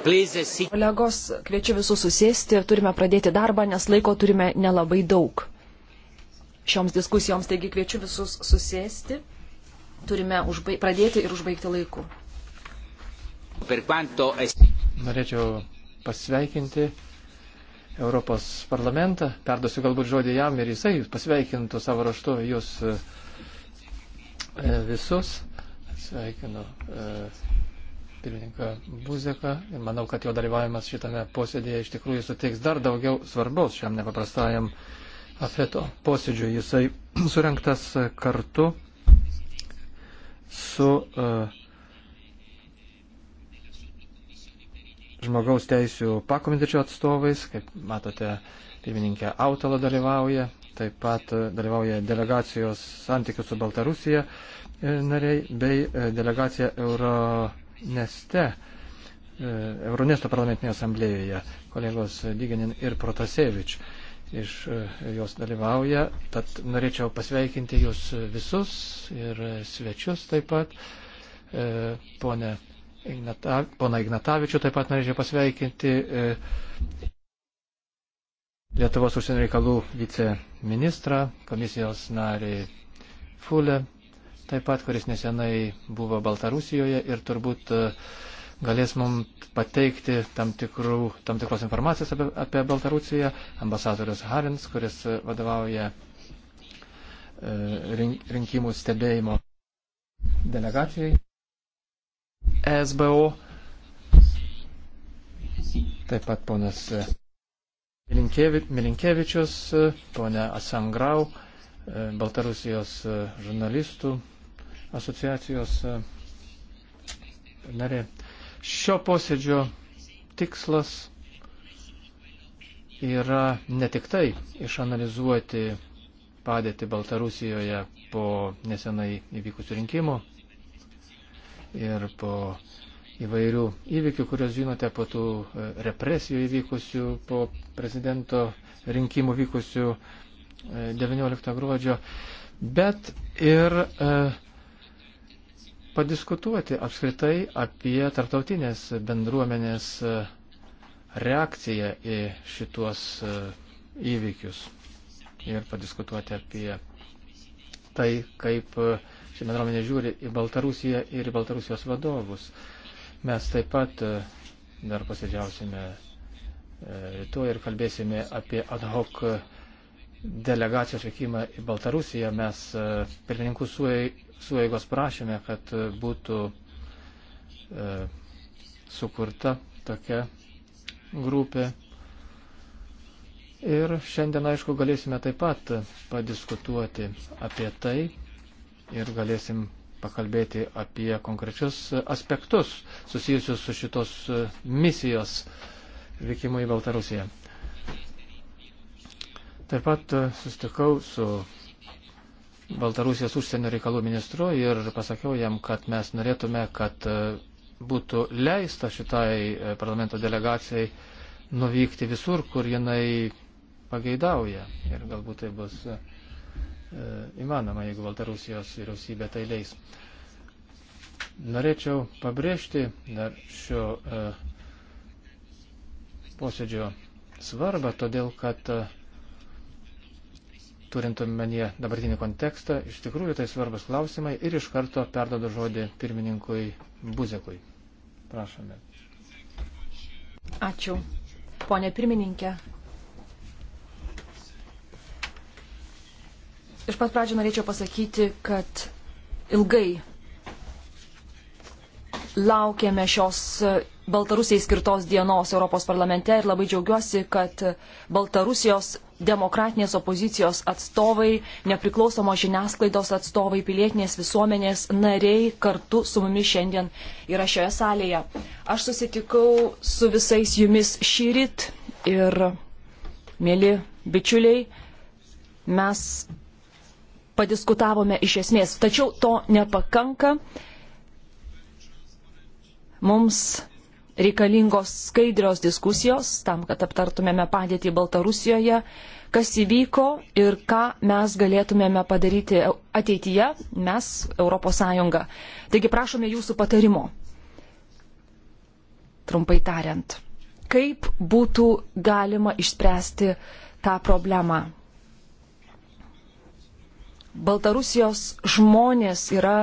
Uh, Kolegos, kviečiu visus susėsti ir turime pradėti darbą, nes laiko turime nelabai daug. Šioms diskusijoms taigi kviečiu visus susėsti. Turime užbaig... pradėti ir užbaigti laiku. Norėčiau pasveikinti Europos parlamentą. Perduosiu galbūt žodį jam ir jisai pasveikintų savo raštu jūs eh, visus. Sveikinu eh, pirmininką Buzeką ir manau, kad jo dalyvavimas šitame posėdėje iš tikrųjų suteiks dar daugiau svarbaus šiam nepaprastajam afeto posėdžiui. Jisai surinktas kartu su uh, žmogaus teisų pakomitečio atstovais, kaip matote, pirmininkė Autala dalyvauja, taip pat uh, dalyvauja delegacijos santykių su Baltarusija uh, nariai bei uh, delegacija Euro Euroneste, e, Euronesto parlamentinėje asamblėjoje, kolegos Dyganin ir Protasevič iš e, jos dalyvauja. Tad norėčiau pasveikinti jūs visus ir svečius taip pat. E, pone Ignata, pona Ignatavičių taip pat norėčiau pasveikinti. Lietuvos užsienio reikalų viceministrą, komisijos narį Fulę taip pat, kuris nesenai buvo Baltarusijoje ir turbūt e, galės mums pateikti tam, tikrų, tam tikros informacijos apie, apie Baltarusiją, ambasadorius Harins, kuris e, vadovauja e, rinkimų stebėjimo delegacijai SBO. Taip pat ponas Milinkievičius, ponia Asangrau, Baltarusijos žurnalistų asociacijos e, narė. Šio posėdžio tikslas yra ne tik tai išanalizuoti padėtį Baltarusijoje po nesenai įvykusių rinkimų ir po įvairių įvykių, kuriuos žinote, po tų e, represijų įvykusių, po prezidento rinkimų vykusių 19 e, gruodžio, bet ir e, padiskutuoti apskritai apie tarptautinės bendruomenės e, reakciją į šituos e, įvykius ir padiskutuoti apie tai, kaip e, ši bendruomenė žiūri į Baltarusiją ir į Baltarusijos vadovus. Mes taip pat dar posėdžiausime rytoj ir kalbėsime apie ad hoc delegacijos vykimą į Baltarusiją. Mes pirmininkų suėjai sueigos prašėme, kad e, būtų e, sukurta tokia grupė. Ir šiandien, aišku, galėsime taip pat padiskutuoti apie tai ir galėsim pakalbėti apie konkrečius aspektus susijusius su šitos e, misijos vykimu į Baltarusiją. Taip pat e, sustikau su Baltarusijos užsienio reikalų ministru ir pasakiau jam, kad mes norėtume, kad e, būtų leista šitai e, parlamento delegacijai nuvykti visur, kur jinai pageidauja. Ir galbūt tai bus e, įmanoma, jeigu Baltarusijos vyriausybė tai leis. Norėčiau pabrėžti dar šio e, posėdžio svarbą, todėl kad e, turint omenyje dabartinį kontekstą, iš tikrųjų tai svarbus klausimai ir iš karto perdodu žodį pirmininkui Buzekui. Prašome. Ačiū. Pone pirmininkė. Iš pat pradžio norėčiau pasakyti, kad ilgai laukėme šios Baltarusijai skirtos dienos Europos parlamente ir labai džiaugiuosi, kad Baltarusijos demokratinės opozicijos atstovai, nepriklausomos žiniasklaidos atstovai, pilietinės visuomenės nariai kartu su mumis šiandien yra šioje salėje. Aš susitikau su visais jumis šį ryt ir, mėly bičiuliai, mes padiskutavome iš esmės. Tačiau to nepakanka. Mums reikalingos skaidrios diskusijos tam, kad aptartumėme padėtį Baltarusijoje, kas įvyko ir ką mes galėtumėme padaryti ateityje, mes, ES. Taigi prašome jūsų patarimo. Trumpai tariant, kaip būtų galima išspręsti tą problemą? Baltarusijos žmonės yra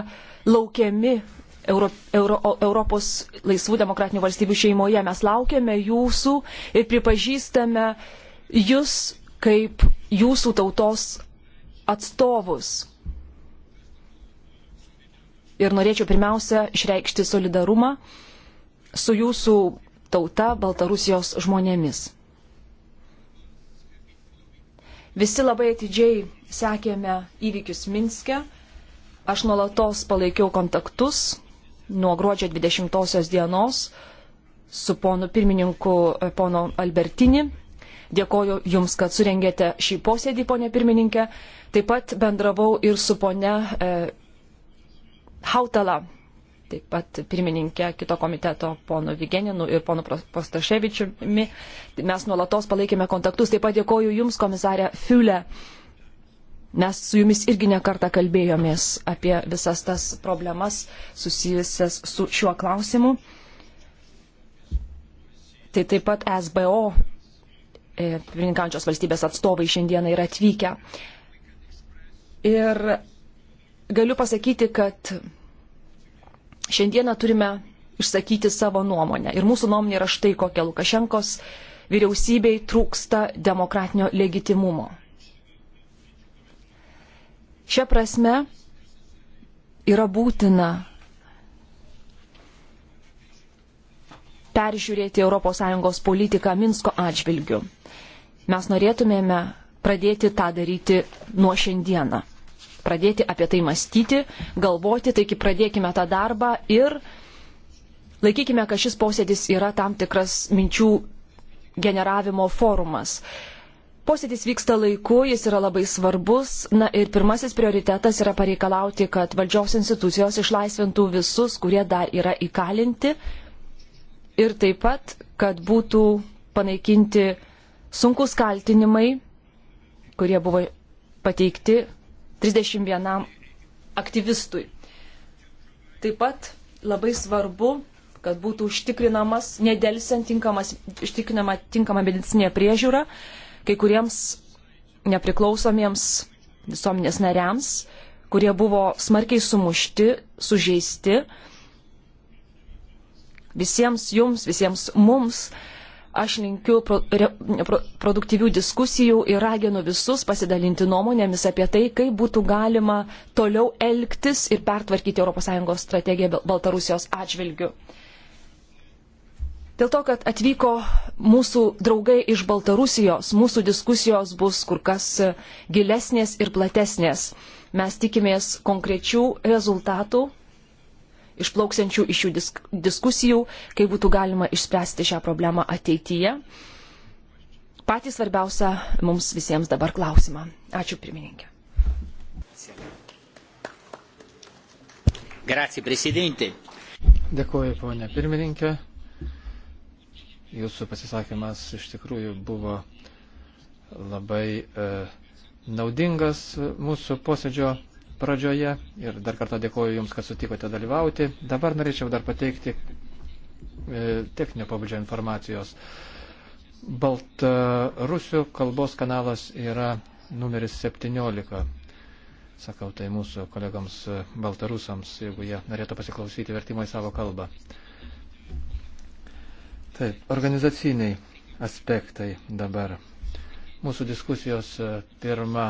laukiami Euro, Euro, Europos laisvų demokratinių valstybių šeimoje. Mes laukiame jūsų ir pripažįstame jūs kaip jūsų tautos atstovus. Ir norėčiau pirmiausia išreikšti solidarumą su jūsų tauta Baltarusijos žmonėmis. Visi labai atidžiai sekėme įvykius Minske. Aš nuolatos palaikiau kontaktus nuo gruodžio 20 dienos su ponu pirmininku e, pono Albertini. Dėkoju Jums, kad surengėte šį posėdį, ponė pirmininkė. Taip pat bendravau ir su ponė e, Hautala, taip pat pirmininkė kito komiteto ponu Vigeninu ir ponu Postaševičiumi. Mes nuolatos palaikėme kontaktus. Taip pat dėkoju Jums, komisarė Fiule. E, Mes su jumis irgi nekartą kalbėjomės apie visas tas problemas susijusias su šiuo klausimu. Tai taip pat SBO e, pirmininkančios valstybės atstovai šiandieną yra atvykę. Ir galiu pasakyti, kad šiandieną turime išsakyti savo nuomonę. Ir mūsų nuomonė yra štai kokia Lukašenkos vyriausybei trūksta demokratinio legitimumo. Šia prasme yra būtina peržiūrėti ES politiką Minsko atžvilgiu. Mes norėtumėme pradėti tą daryti nuo šiandieną. Pradėti apie tai mąstyti, galvoti, taigi pradėkime tą darbą ir laikykime, kad šis posėdis yra tam tikras minčių generavimo forumas. Posėdis vyksta laiku, jis yra labai svarbus. Na ir pirmasis prioritetas yra pareikalauti, kad valdžios institucijos išlaisvintų visus, kurie dar yra įkalinti. Ir taip pat, kad būtų panaikinti sunkus kaltinimai, kurie buvo pateikti 31 aktyvistui. Taip pat labai svarbu kad būtų užtikrinamas, nedelsiant tinkama medicinė priežiūra kai kuriems nepriklausomiems visuomenės nariams, kurie buvo smarkiai sumušti, sužeisti. Visiems jums, visiems mums aš linkiu pro, re, pro, produktyvių diskusijų ir raginu visus pasidalinti nuomonėmis apie tai, kaip būtų galima toliau elgtis ir pertvarkyti ES strategiją Baltarusijos atžvilgiu. Dėl to, kad atvyko mūsų draugai iš Baltarusijos, mūsų diskusijos bus kur kas gilesnės ir platesnės. Mes tikimės konkrečių rezultatų, išplauksiančių iš šių disk diskusijų, kaip būtų galima išspręsti šią problemą ateityje. Patį svarbiausią mums visiems dabar klausimą. Ačiū pirmininkė. Grazie, Presidente. Dėkuoju, ponia pirmininkė. Jūsų pasisakymas iš tikrųjų buvo labai e, naudingas mūsų posėdžio pradžioje ir dar kartą dėkoju Jums, kad sutikote dalyvauti. Dabar norėčiau dar pateikti e, techninio pabudžio informacijos. Baltarusių kalbos kanalas yra numeris 17. Sakau tai mūsų kolegams e, baltarusams, jeigu jie norėtų pasiklausyti vertimo į savo kalbą. Taip, organizaciniai aspektai dabar. Mūsų diskusijos e, pirma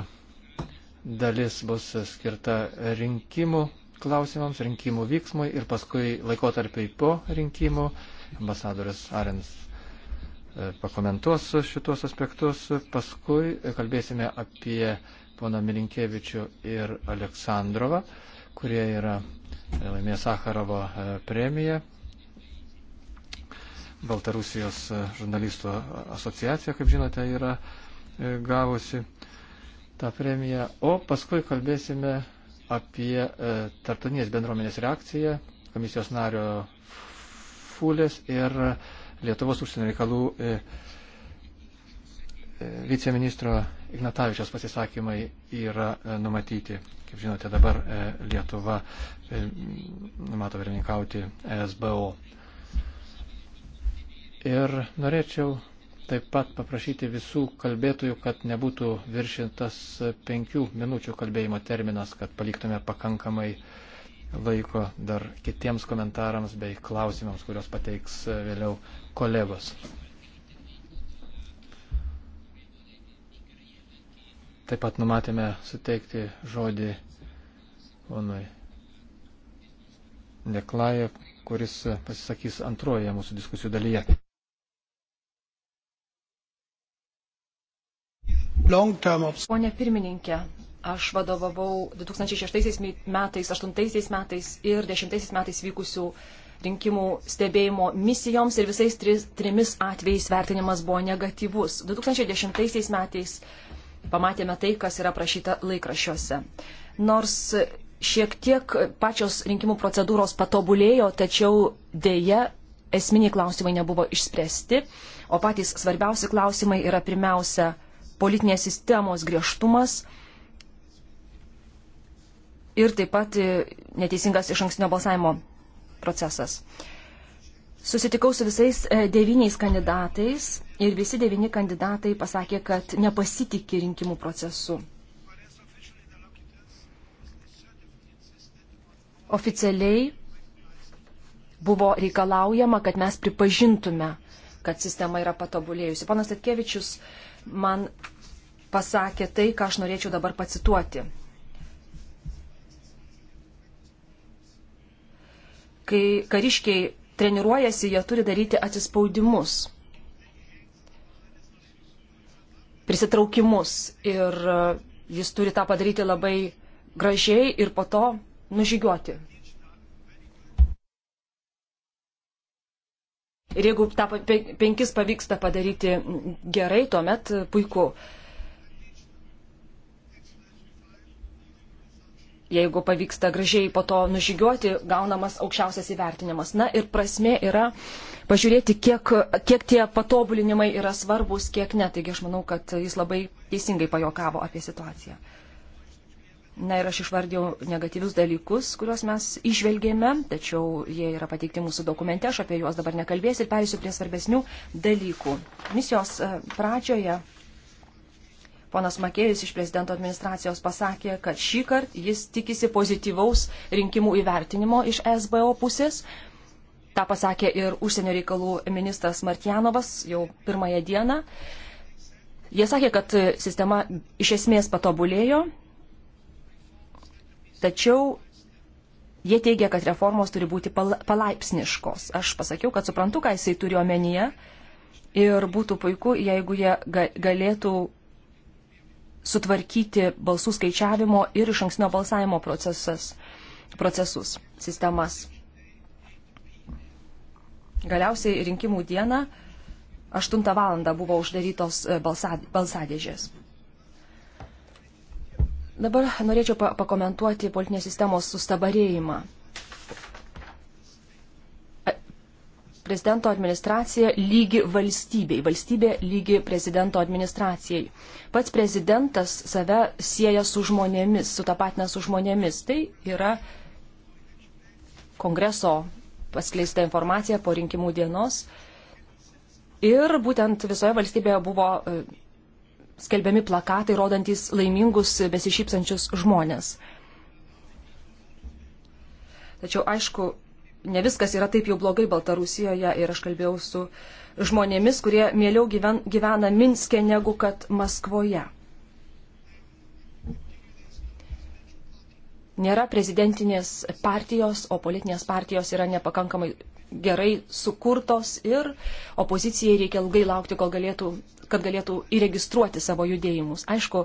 dalis bus skirta rinkimų klausimams, rinkimų vyksmui ir paskui laikotarpiai po rinkimų. Ambasadoris Arens e, pakomentuos šitos aspektus. Paskui kalbėsime apie poną Milinkievičių ir Aleksandrovą, kurie yra e, laimėję Sakarovo premiją Baltarusijos e, žurnalistų asociacija, kaip žinote, yra e, gavusi tą premiją. O paskui kalbėsime apie e, tartunės bendruomenės reakciją komisijos nario Fulės ir Lietuvos užsienio reikalų viceministro Ignatavičios pasisakymai yra numatyti. Kaip žinote, dabar Lietuva numato pirmininkauti SBO. Ir norėčiau taip pat paprašyti visų kalbėtojų, kad nebūtų viršintas penkių minučių kalbėjimo terminas, kad paliktume pakankamai laiko dar kitiems komentarams bei klausimams, kurios pateiks vėliau kolegos. Taip pat numatėme suteikti žodį ponui Neklaje, kuris pasisakys antroje mūsų diskusijų dalyje. Pone pirmininkė, aš vadovavau 2006 metais, 2008 metais ir 2010 metais vykusių rinkimų stebėjimo misijoms ir visais tris, trimis atvejais vertinimas buvo negatyvus. 2010 metais pamatėme tai, kas yra prašyta laikrašiuose. Nors šiek tiek pačios rinkimų procedūros patobulėjo, tačiau dėja esminiai klausimai nebuvo išspręsti, o patys svarbiausi klausimai yra pirmiausia politinės sistemos griežtumas ir taip pat e, neteisingas iš ankstinio balsavimo procesas. Susitikau su visais e, devyniais kandidatais ir visi devyni kandidatai pasakė, kad nepasitikė rinkimų procesu. Oficialiai buvo reikalaujama, kad mes pripažintume, kad sistema yra patobulėjusi. Panas Tatkevičius uh, man pasakė tai, ką aš norėčiau dabar pacituoti. Kai kariškiai treniruojasi, jie turi daryti atsispaudimus, prisitraukimus ir jis turi tą padaryti labai gražiai ir po to nužygiuoti Ir jeigu tą penkis pavyksta padaryti gerai, tuomet puiku. Jeigu pavyksta gražiai po to nužygiuoti, gaunamas aukščiausias įvertinimas. Na ir prasme yra pažiūrėti, kiek, kiek tie patobulinimai yra svarbus, kiek ne. Taigi aš manau, kad jis labai teisingai pajokavo apie situaciją. Na ir aš išvardėjau negatyvius dalykus, kuriuos mes išvelgėme, tačiau jie yra pateikti mūsų dokumente, aš apie juos dabar nekalbėsiu ir perėsiu prie svarbesnių dalykų. Misijos e, pradžioje ponas Makėjus iš prezidento administracijos pasakė, kad šį kartą jis tikisi pozityvaus rinkimų įvertinimo iš SBO pusės. Ta pasakė ir užsienio reikalų ministras Martjanovas jau pirmąją dieną. Jie sakė, kad sistema iš esmės patobulėjo, Tačiau jie teigia, kad reformos turi būti palaipsniškos. Aš pasakiau, kad suprantu, ką jisai turi omenyje ir būtų puiku, jeigu jie galėtų sutvarkyti balsų skaičiavimo ir iš anksnio balsavimo procesas, procesus, sistemas. Galiausiai rinkimų dieną 8 val. buvo uždarytos e, balsadėžės. Dabar norėčiau pakomentuoti politinės sistemos sustabarėjimą. prezidento administracija lygi valstybei, valstybė lygi prezidento administracijai. Pats prezidentas save sieja su žmonėmis, sutapatina su žmonėmis. Tai yra kongreso paskleista informacija po rinkimų dienos. Ir būtent visoje valstybėje buvo e, skelbiami plakatai, rodantis laimingus, besišypsančius žmonės. Tačiau, aišku, ne viskas yra taip jau blogai Baltarusijoje ir aš kalbėjau su žmonėmis, kurie mieliau gyven, gyvena Minske negu kad Maskvoje. nėra prezidentinės partijos, o politinės partijos yra nepakankamai gerai sukurtos ir opozicijai reikia ilgai laukti, galėtų, kad galėtų įregistruoti savo judėjimus. Aišku,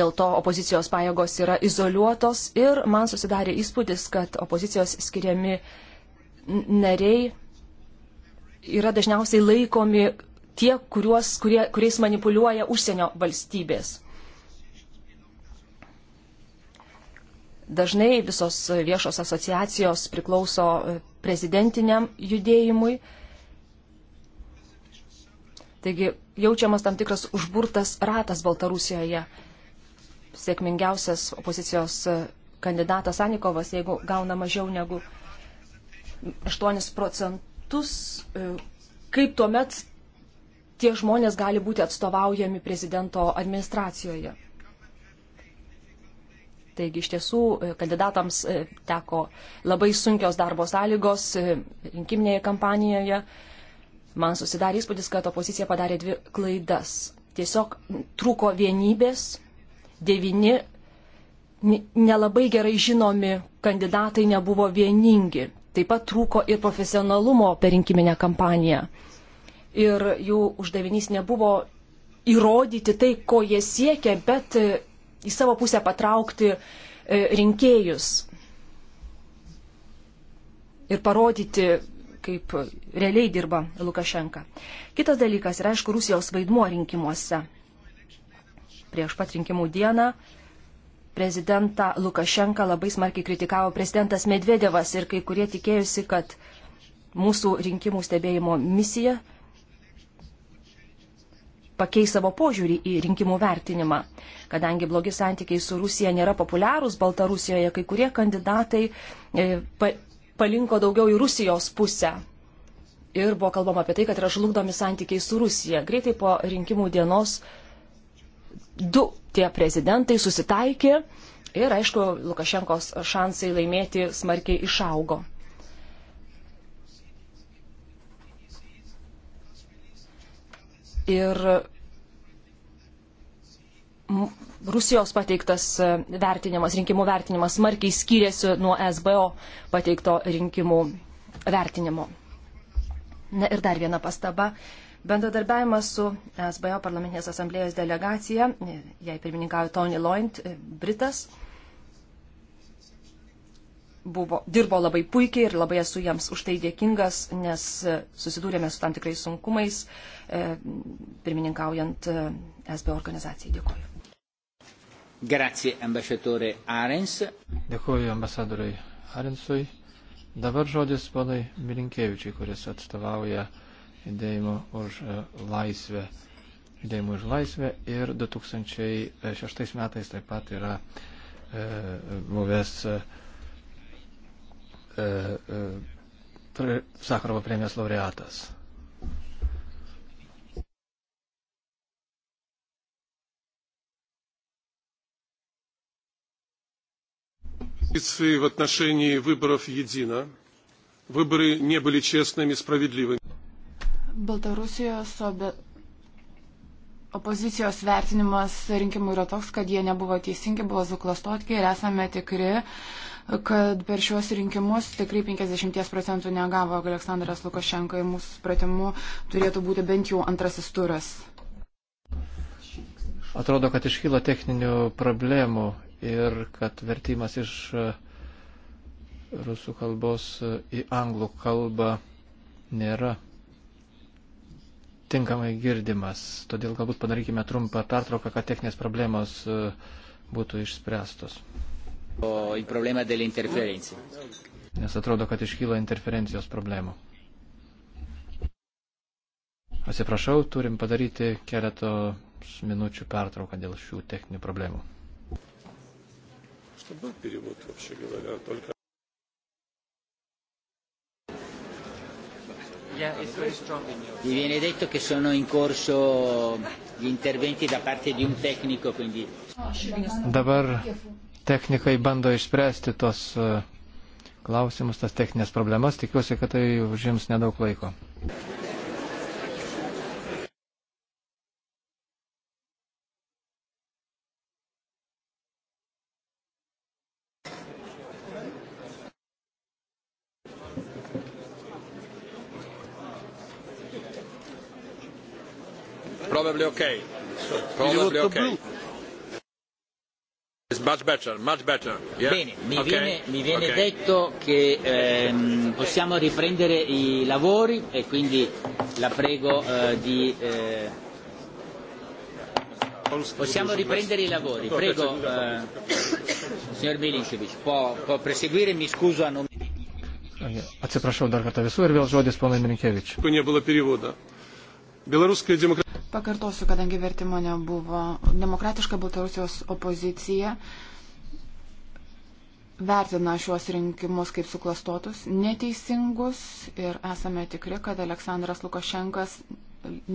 dėl to opozicijos pajėgos yra izoliuotos ir man susidarė įspūdis, kad opozicijos skiriami nariai yra dažniausiai laikomi tie, kuriuos, kurie, kuriais manipuliuoja užsienio valstybės. Dažnai visos viešos asociacijos priklauso e, prezidentiniam judėjimui. Taigi jaučiamas tam tikras užburtas ratas Baltarusijoje. Sėkmingiausias opozicijos e, kandidatas Anikovas, jeigu gauna mažiau negu 8 procentus, e, kaip tuomet tie žmonės gali būti atstovaujami prezidento administracijoje. Taigi iš tiesų e, kandidatams e, teko labai sunkios darbo sąlygos e, rinkiminėje kampanijoje. Man susidarė įspūdis, kad opozicija padarė dvi klaidas. Tiesiog trūko vienybės, devini nelabai gerai žinomi kandidatai nebuvo vieningi. Taip pat trūko ir profesionalumo per rinkiminę kampaniją. Ir jų uždavinys nebuvo įrodyti tai, ko jie siekia, bet į savo pusę patraukti e, rinkėjus ir parodyti, kaip realiai dirba Lukašenka. Kitas dalykas yra, aišku, Rusijos vaidmuo rinkimuose. Prieš pat rinkimų dieną prezidentą Lukašenką labai smarkiai kritikavo prezidentas Medvedevas ir kai kurie tikėjusi, kad mūsų rinkimų stebėjimo misija pakeis savo požiūrį į rinkimų vertinimą. Kadangi blogi santykiai su Rusija nėra populiarūs Baltarusijoje, kai kurie kandidatai e, pa, palinko daugiau į Rusijos pusę. Ir buvo kalbama apie tai, kad yra žlugdomi santykiai su Rusija. Greitai po rinkimų dienos du tie prezidentai susitaikė ir, aišku, Lukašenkos šansai laimėti smarkiai išaugo. ir Rusijos pateiktas e, vertinimas, rinkimų vertinimas smarkiai skyrėsi nuo SBO pateikto rinkimų vertinimo. Na ir dar viena pastaba. Bendradarbiavimas su SBO parlamentinės asamblėjos delegacija, e, jai pirmininkauja Tony Loint, e, Britas, buvo, dirbo labai puikiai ir labai esu jiems už tai dėkingas, nes e, susidūrėme su tam tikrais sunkumais, e, pirmininkaujant e, SB organizacijai. Dėkuoju. Grazie, ambasadorė Arens. Dėkuoju ambasadoriui Arensui. Dabar žodis ponai Milinkievičiai, kuris atstovauja judėjimo už e, laisvę. Judėjimo už laisvę ir 2006 metais taip pat yra e, buvęs. E, E, e, Sakarovo premijos laureatas. позиции в отношении выборов едина. Выборы не были честными, справедливыми. Baltarusijos opozicijos vertinimas rinkimų yra toks, kad jie nebuvo teisingi, buvo suklastotki ir esame tikri, kad per šiuos rinkimus tikrai 50 procentų negavo Aleksandras Lukašenka ir mūsų supratimu turėtų būti bent jau antrasis turas. Atrodo, kad iškyla techninių problemų ir kad vertimas iš e, rusų kalbos e, į anglų kalbą nėra tinkamai girdimas. Todėl galbūt padarykime trumpą pertrauką, kad techninės problemos e, būtų išspręstos. O į problemą dėl interferencijų. Nes atrodo, kad iškyla interferencijos problemų. Atsiprašau, turim padaryti keletą minučių pertrauką dėl šių techninių problemų. Что был перевод, вообще говоря, только... Mi viene detto che sono in corso gli interventi da parte di un tecnico, quindi... Dabar technikai bando išspręsti tos e, klausimus, tas techninės problemas. Tikiuosi, kad tai užims nedaug laiko. Probably okay. Probably okay much better, much better. Yeah. Bene, mi okay. viene, mi viene okay. detto che ehm, possiamo riprendere i lavori e quindi la prego eh, di... Eh, Possiamo riprendere i lavori, prego, eh, signor Milinkovic, può, può proseguire, mi scuso a nome. Atsiprašau dar kartą visų ir vėl žodis ponai Milinkevič. Белорусская демократия. Pakartosiu, kadangi vertimo nebuvo. Demokratiška Baltarusijos opozicija vertina šiuos rinkimus kaip suklastotus, neteisingus ir esame tikri, kad Aleksandras Lukašenkas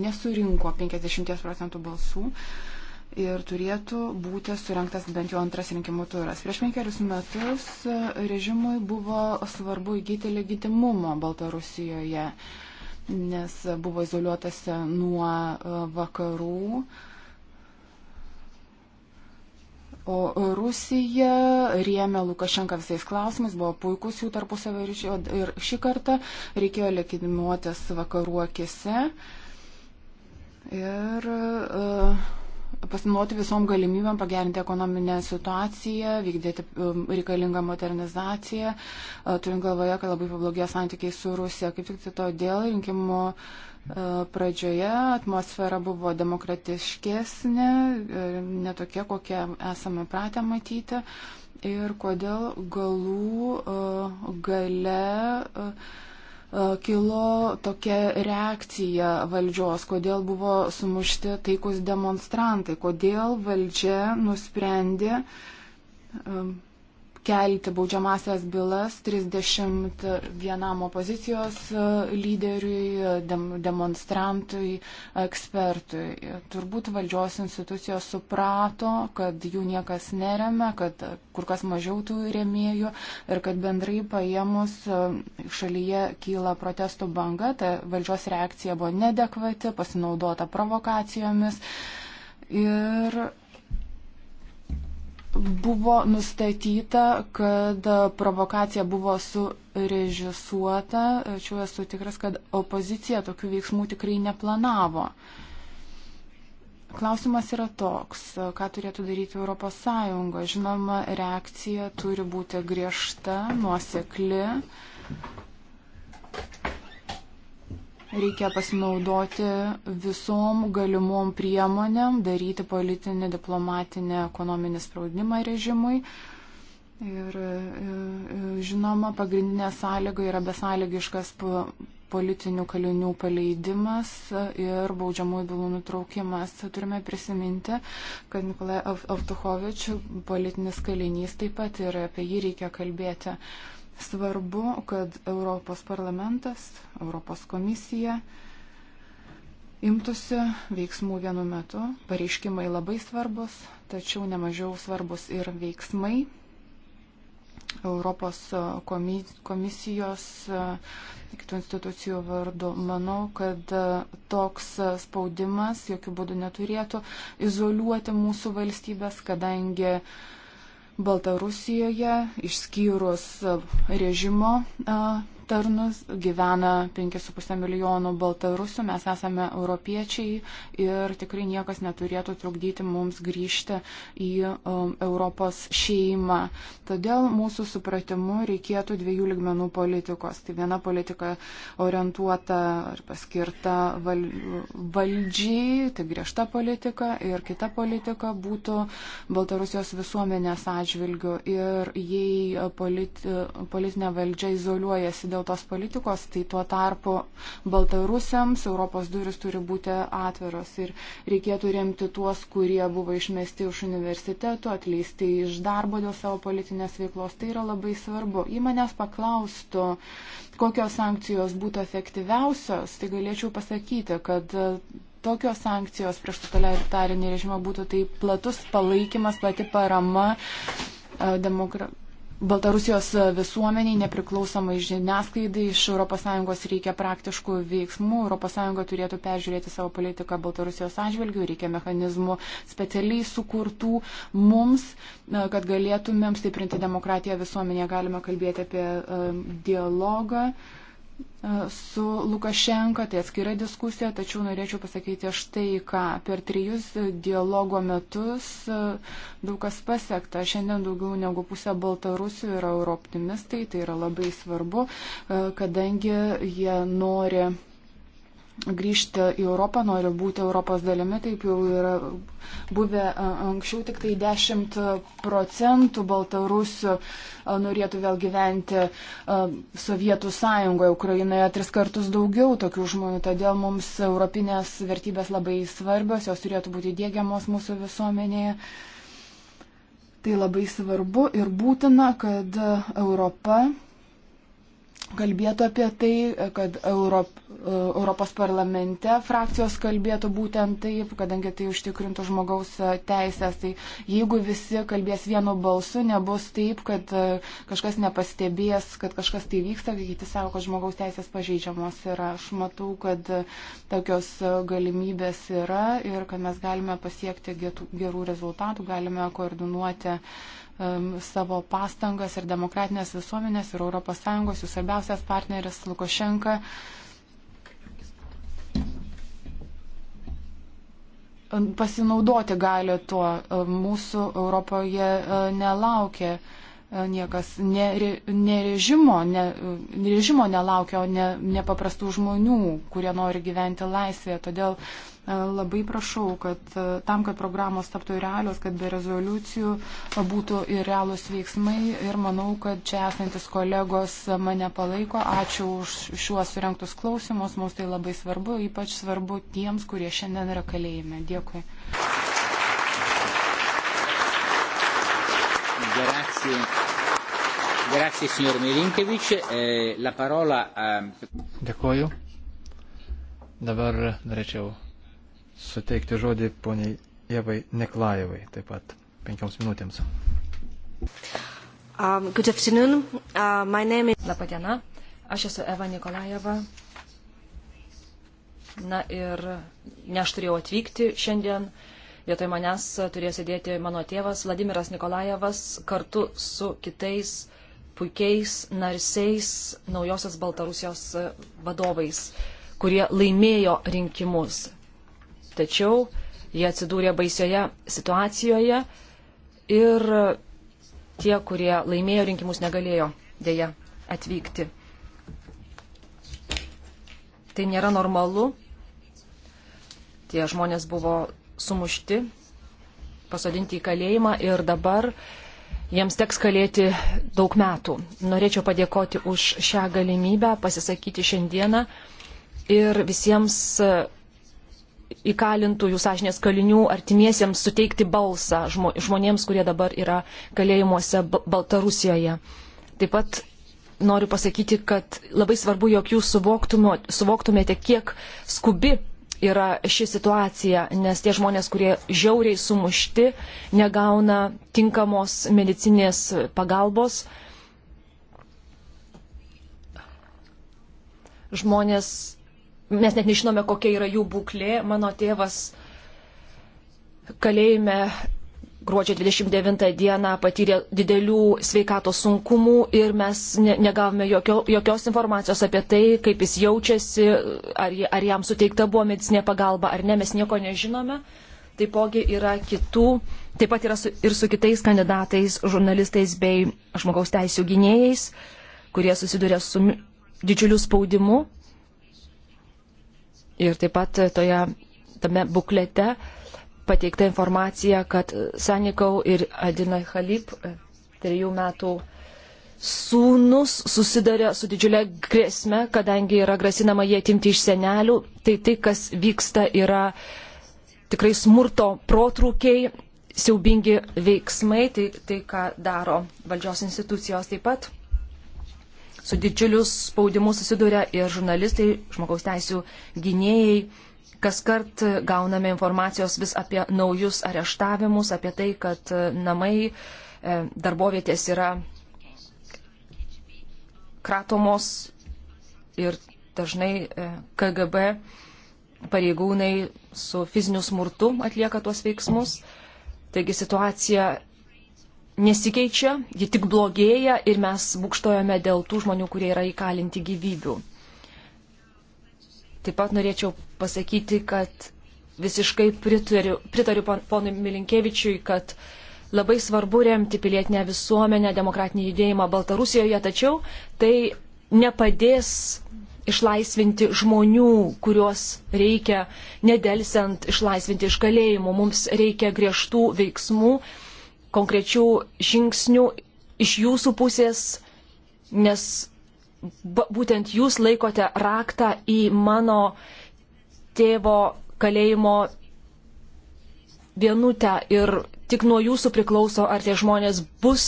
nesurinko 50 procentų balsų ir turėtų būti surinktas bent jau antras rinkimų turas. Prieš penkerius metus režimui buvo svarbu įgyti legitimumo Baltarusijoje. Uh, nes buvo izoliuotas nuo e, vakarų. O Rusija rėmė Lukašenką visais klausimais, buvo puikus jų tarpusavio ryšio ir šį kartą reikėjo lekidimuotis vakarų akise. Ir uh, pasinaudoti visom galimybėm pagerinti ekonominę situaciją, vykdyti um, reikalingą modernizaciją, uh, turint galvoje, kad labai pablogėjo santykiai su Rusija. Kaip tik tai todėl rinkimų uh, pradžioje atmosfera buvo demokratiškesnė, netokia, kokią esame pratę matyti. Ir kodėl galų uh, gale. Uh, E, kilo tokia reakcija valdžios, kodėl buvo sumušti taikus demonstrantai, kodėl valdžia nusprendė um, kelti baudžiamasias bylas 31 opozicijos e, lyderiui, demonstrantui, ekspertui. Turbūt valdžios institucijos suprato, kad jų niekas neremia, kad kur kas mažiau tų rėmėjų ir kad bendrai paėmus e, šalyje kyla protestų banga, ta valdžios reakcija buvo nedekvati, pasinaudota provokacijomis. Ir Buvo nustatyta, kad provokacija buvo surežisuota, tačiau esu tikras, kad opozicija tokių veiksmų tikrai neplanavo. Klausimas yra toks, ką turėtų daryti ES. Žinoma, reakcija turi būti griežta, nuosekli Reikia pasinaudoti visom galimom priemonėm, daryti politinį, diplomatinį, ekonominį spaudimą režimui. Ir e, e, žinoma, pagrindinė sąlyga yra besąlygiškas politinių kalinių paleidimas ir baudžiamųjų bylų nutraukimas. Turime prisiminti, kad Nikolai Avtuhovič politinis kalinys taip pat ir apie jį reikia kalbėti. Uh, Svarbu, kad Europos parlamentas, Europos komisija imtųsi veiksmų vienu metu. Pareiškimai labai svarbus, tačiau nemažiau svarbus ir veiksmai. Europos komisijos kitų institucijų vardu. Manau, kad toks spaudimas jokių būdų neturėtų izoliuoti mūsų valstybės, kadangi uh, Baltarusijoje, išskyrus režimo tarnus, gyvena 5,5 milijonų baltarusių, mes esame europiečiai ir tikrai niekas neturėtų trukdyti mums grįžti į um, Europos šeimą. Todėl mūsų supratimu reikėtų dviejų ligmenų politikos. Tai viena politika orientuota ar paskirta val, valdžiai, tai griežta politika ir kita politika būtų Baltarusijos visuomenės atžvilgiu. Ir jei politi, politinė valdžia izoliuojasi dėl dėl tos politikos, tai tuo tarpu baltarusiams Europos duris turi būti atviros ir reikėtų remti tuos, kurie buvo išmesti iš universitetų, atleisti iš darbo dėl savo politinės veiklos. Tai yra labai svarbu. Į manęs paklaustų, kokios sankcijos būtų efektyviausios, tai galėčiau pasakyti, kad e, tokios sankcijos prieš totalitarinį režimą būtų tai platus palaikymas, plati parama e, demokratijai Baltarusijos visuomeniai, nepriklausomai žiniasklaidai, iš ES reikia praktiškų veiksmų. ES turėtų peržiūrėti savo politiką Baltarusijos atžvilgių, reikia mechanizmų specialiai sukurtų mums, kad galėtumėm stiprinti demokratiją visuomenėje. Galime kalbėti apie e, dialogą. Uh, su Lukašenka, tai atskira diskusija, tačiau norėčiau pasakyti štai ką. Per trijus dialogo metus daug kas pasiekta. Šiandien daugiau negu pusė Baltarusių yra eurooptimistai, tai yra labai svarbu, kadangi jie nori grįžti į Europą, nori būti Europos dalimi, taip jau yra buvę anksčiau, tik tai 10 procentų baltarusių norėtų vėl gyventi Sovietų sąjungoje, Ukrainoje tris kartus daugiau tokių žmonių, todėl mums europinės vertybės labai svarbios, jos turėtų būti dėgiamos mūsų visuomenėje. Tai labai svarbu ir būtina, kad Europa kalbėtų apie tai, kad Europ, Europos parlamente frakcijos kalbėtų būtent taip, kadangi tai užtikrintų žmogaus teisės. Tai jeigu visi kalbės vienu balsu, nebus taip, kad kažkas nepastebės, kad kažkas tai vyksta, kai kiti sako, kad žmogaus teisės pažeidžiamos yra. Aš matau, kad tokios galimybės yra ir kad mes galime pasiekti gerų rezultatų, galime koordinuoti uh, savo pastangas ir demokratinės visuomenės ir ES, jų svarbiausias partneris Lukašenka. Pasinaudoti gali tuo. Mūsų Europoje e, nelaukia e, niekas, ne, ne, režimo, ne, režimo nelaukia, o ne, ne paprastų žmonių, kurie nori gyventi laisvėje. Todėl Labai prašau, kad e, tam, kad programos taptų realios, kad be rezoliucijų būtų ir realūs veiksmai. Ir manau, kad čia esantis kolegos mane palaiko. Ačiū už šiuos surinktus klausimus. Mums tai labai svarbu, ypač svarbu tiems, kurie šiandien yra kalėjime. Dėkui. Grazie. Grazie signor Milinkevič. Eh, la parola a... Ehm, Dėkoju. Dabar norėčiau suteikti žodį poniai Jevai Neklajevai, taip pat penkioms minutėms. Um, good afternoon. Uh, my name is... Labą dieną. Aš esu Eva Nikolajeva. Na ir ne aš turėjau atvykti šiandien. Vietoj manęs turėjo sėdėti mano tėvas Vladimiras Nikolajevas kartu su kitais puikiais, narsiais naujosios Baltarusijos vadovais, kurie laimėjo rinkimus. Tačiau jie atsidūrė baisioje situacijoje ir tie, kurie laimėjo rinkimus, negalėjo dėja atvykti. Tai nėra normalu. Tie žmonės buvo sumušti, pasodinti į kalėjimą ir dabar jiems teks kalėti daug metų. Norėčiau padėkoti už šią galimybę pasisakyti šiandieną ir visiems įkalintųjų sąžinės kalinių artimiesiems suteikti balsą žmonėms, kurie dabar yra kalėjimuose Baltarusijoje. Taip pat noriu pasakyti, kad labai svarbu, jog jūs suvoktumėte, kiek skubi yra ši situacija, nes tie žmonės, kurie žiauriai sumušti, negauna tinkamos medicinės pagalbos. Žmonės mes net nežinome, kokia yra jų būklė. Mano tėvas kalėjime gruodžio 29 dieną patyrė didelių sveikatos sunkumų ir mes ne, negavome jokio, jokios informacijos apie tai, kaip jis jaučiasi, ar, ar jam suteikta buvo medicinė pagalba ar ne, mes nieko nežinome. Taipogi yra kitų, taip pat yra su, ir su kitais kandidatais, žurnalistais bei žmogaus teisų gynėjais, kurie susiduria su didžiuliu spaudimu Ir taip pat toje, tame buklete pateikta informacija, kad Sanikau ir Adina Halip, e, trijų metų sūnus, susidarė su didžiulė grėsme, kadangi yra grasinama jie atimti iš senelių. Tai tai, kas vyksta, yra tikrai smurto protrūkiai, siaubingi veiksmai, tai, tai ką daro valdžios institucijos taip pat su didžiuliu spaudimu susiduria ir žurnalistai, žmogaus teisų gynėjai. Kas kart gauname informacijos vis apie naujus areštavimus, apie tai, kad e, namai e, darbovietės yra kratomos ir dažnai e, KGB pareigūnai su fiziniu smurtu atlieka tuos veiksmus. Taigi situacija nesikeičia, ji tik blogėja ir mes būkštojame dėl tų žmonių, kurie yra įkalinti gyvybių. Taip pat norėčiau pasakyti, kad visiškai pritariu, pritariu ponui Milinkievičiui, kad labai svarbu remti pilietinę visuomenę, demokratinį judėjimą Baltarusijoje, tačiau tai nepadės išlaisvinti žmonių, kuriuos reikia nedelsiant išlaisvinti iš kalėjimų. Mums reikia griežtų veiksmų konkrečių žingsnių iš jūsų pusės, nes būtent jūs laikote raktą į mano tėvo kalėjimo vienutę ir tik nuo jūsų priklauso, ar tie žmonės bus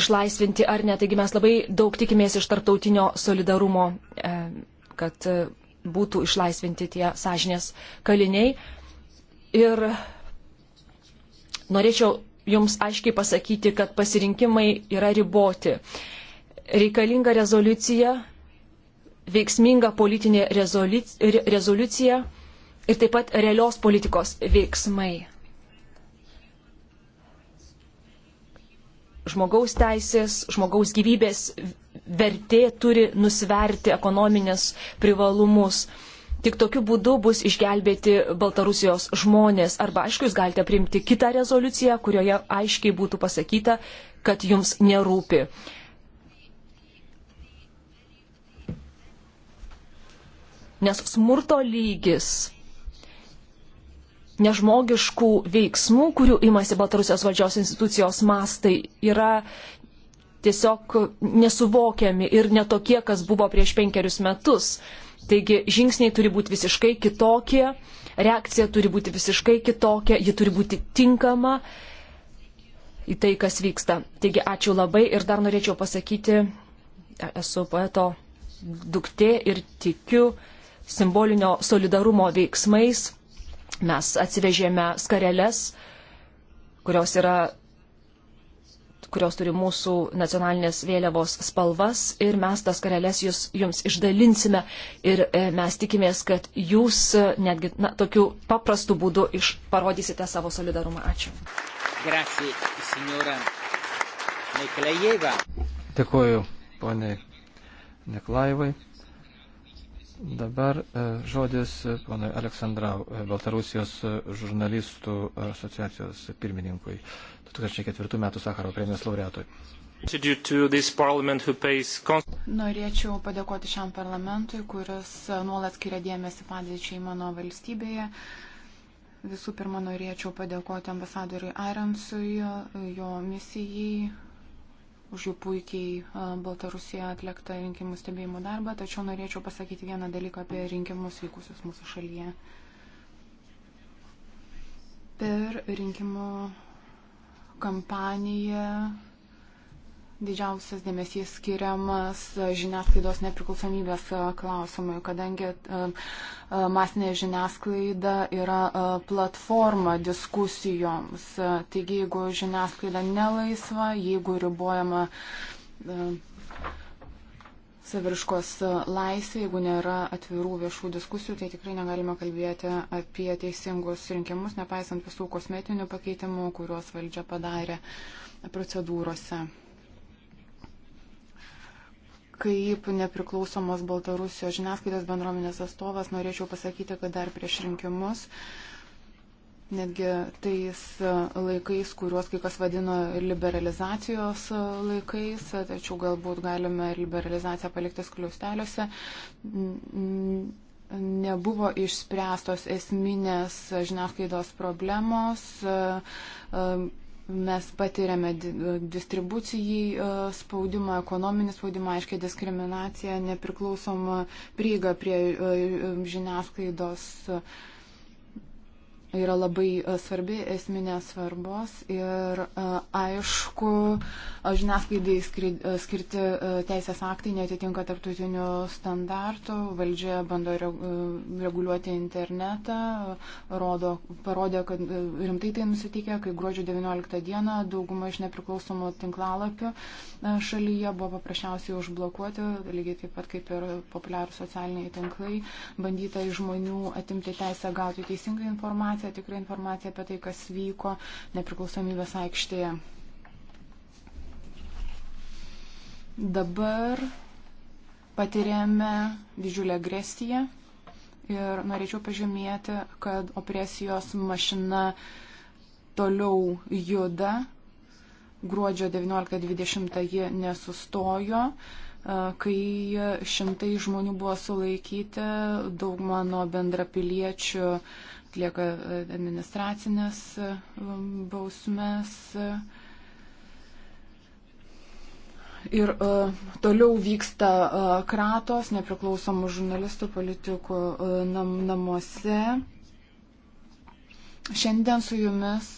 išlaisvinti ar ne. Taigi mes labai daug tikimės iš tarptautinio solidarumo, e, kad e, būtų išlaisvinti tie sąžinės kaliniai. Ir norėčiau jums aiškiai pasakyti, kad pasirinkimai yra riboti. Reikalinga rezoliucija, veiksminga politinė rezoliucija ir taip pat realios politikos veiksmai. Žmogaus teisės, žmogaus gyvybės vertė turi nusverti ekonominės privalumus. Tik tokiu būdu bus išgelbėti Baltarusijos žmonės. Arba, aišku, jūs galite priimti kitą rezoliuciją, kurioje aiškiai būtų pasakyta, kad jums nerūpi. Nes smurto lygis, nežmogiškų veiksmų, kurių imasi Baltarusijos valdžios institucijos mastai, yra tiesiog nesuvokiami ir netokie, kas buvo prieš penkerius metus. Taigi žingsniai turi būti visiškai kitokie, reakcija turi būti visiškai kitokia, ji turi būti tinkama į tai, kas vyksta. Taigi ačiū labai ir dar norėčiau pasakyti, esu poeto duktė ir tikiu simbolinio solidarumo veiksmais. Mes atsivežėme skareles, kurios yra kurios turi mūsų nacionalinės vėliavos spalvas ir mes tas kareles jūs, jums išdalinsime ir e, mes tikimės, kad jūs e, netgi na, tokiu paprastu būdu iš, parodysite savo solidarumą. Ačiū. Grazie, Dėkuoju, poniai Neklaivai. Dabar e, žodis e, ponui Aleksandrau, e, Baltarusijos žurnalistų asociacijos pirmininkui, 2004 metų Sakaro premijos laureatui. Norėčiau padėkoti šiam parlamentui, kuris nuolat skiria dėmesį padėčiai mano valstybėje. Visų pirma, norėčiau padėkoti ambasadoriui Arensui, jo misijai už jų puikiai Baltarusijoje atliktą rinkimų stebėjimo darbą, tačiau norėčiau pasakyti vieną dalyką apie rinkimus vykusius mūsų šalyje. Per rinkimų kampaniją Didžiausias dėmesys skiriamas žiniasklaidos nepriklausomybės e, klausimui, kadangi e, e, masinė žiniasklaida yra platforma diskusijoms. Taigi, jeigu žiniasklaida nelaisva, jeigu ribojama saviriškos laisvė, jeigu nėra atvirų viešų diskusijų, tai tikrai negalime kalbėti apie teisingus rinkimus, nepaisant visų kosmetinių pakeitimų, kuriuos valdžia padarė procedūrose. Kaip nepriklausomos Baltarusijos žiniasklaidos bendruomenės atstovas norėčiau pasakyti, kad dar prieš rinkimus, netgi tais laikais, kuriuos kai kas vadino liberalizacijos laikais, tačiau galbūt galime liberalizaciją palikti skliausteliuose, nebuvo išspręstos esminės žiniasklaidos problemos, Mes patiriame distribucijai e, spaudimą, ekonominį spaudimą, aiškiai diskriminaciją, nepriklausomą prieigą prie e, e, žiniasklaidos yra labai e, svarbi, esminės svarbos ir e, aišku, e, žiniasklaidai skirti teisės aktai netitinka tarptautinių standartų, valdžia bando reguliuoti internetą, rodo, parodė, kad rimtai tai nusiteikė, kai gruodžio 19 dieną dauguma iš nepriklausomų tinklalapių šalyje buvo paprasčiausiai užblokuoti, lygiai taip pat kaip ir populiarų socialiniai tinklai, bandyta iš žmonių atimti teisę gauti teisingą informaciją informacija, tikra informacija apie tai, kas vyko nepriklausomybės aikštėje. Dabar patirėme didžiulę agresiją ir norėčiau pažymėti, kad opresijos mašina toliau juda. Gruodžio 19-20 ji nesustojo kai šimtai žmonių buvo sulaikyti, daug mano bendrapiliečių atlieka e, administracinės e, bausmes. E. Ir uh, toliau vyksta uh, kratos nepriklausomų žurnalistų politikų uh, nam, namuose. Šiandien su jumis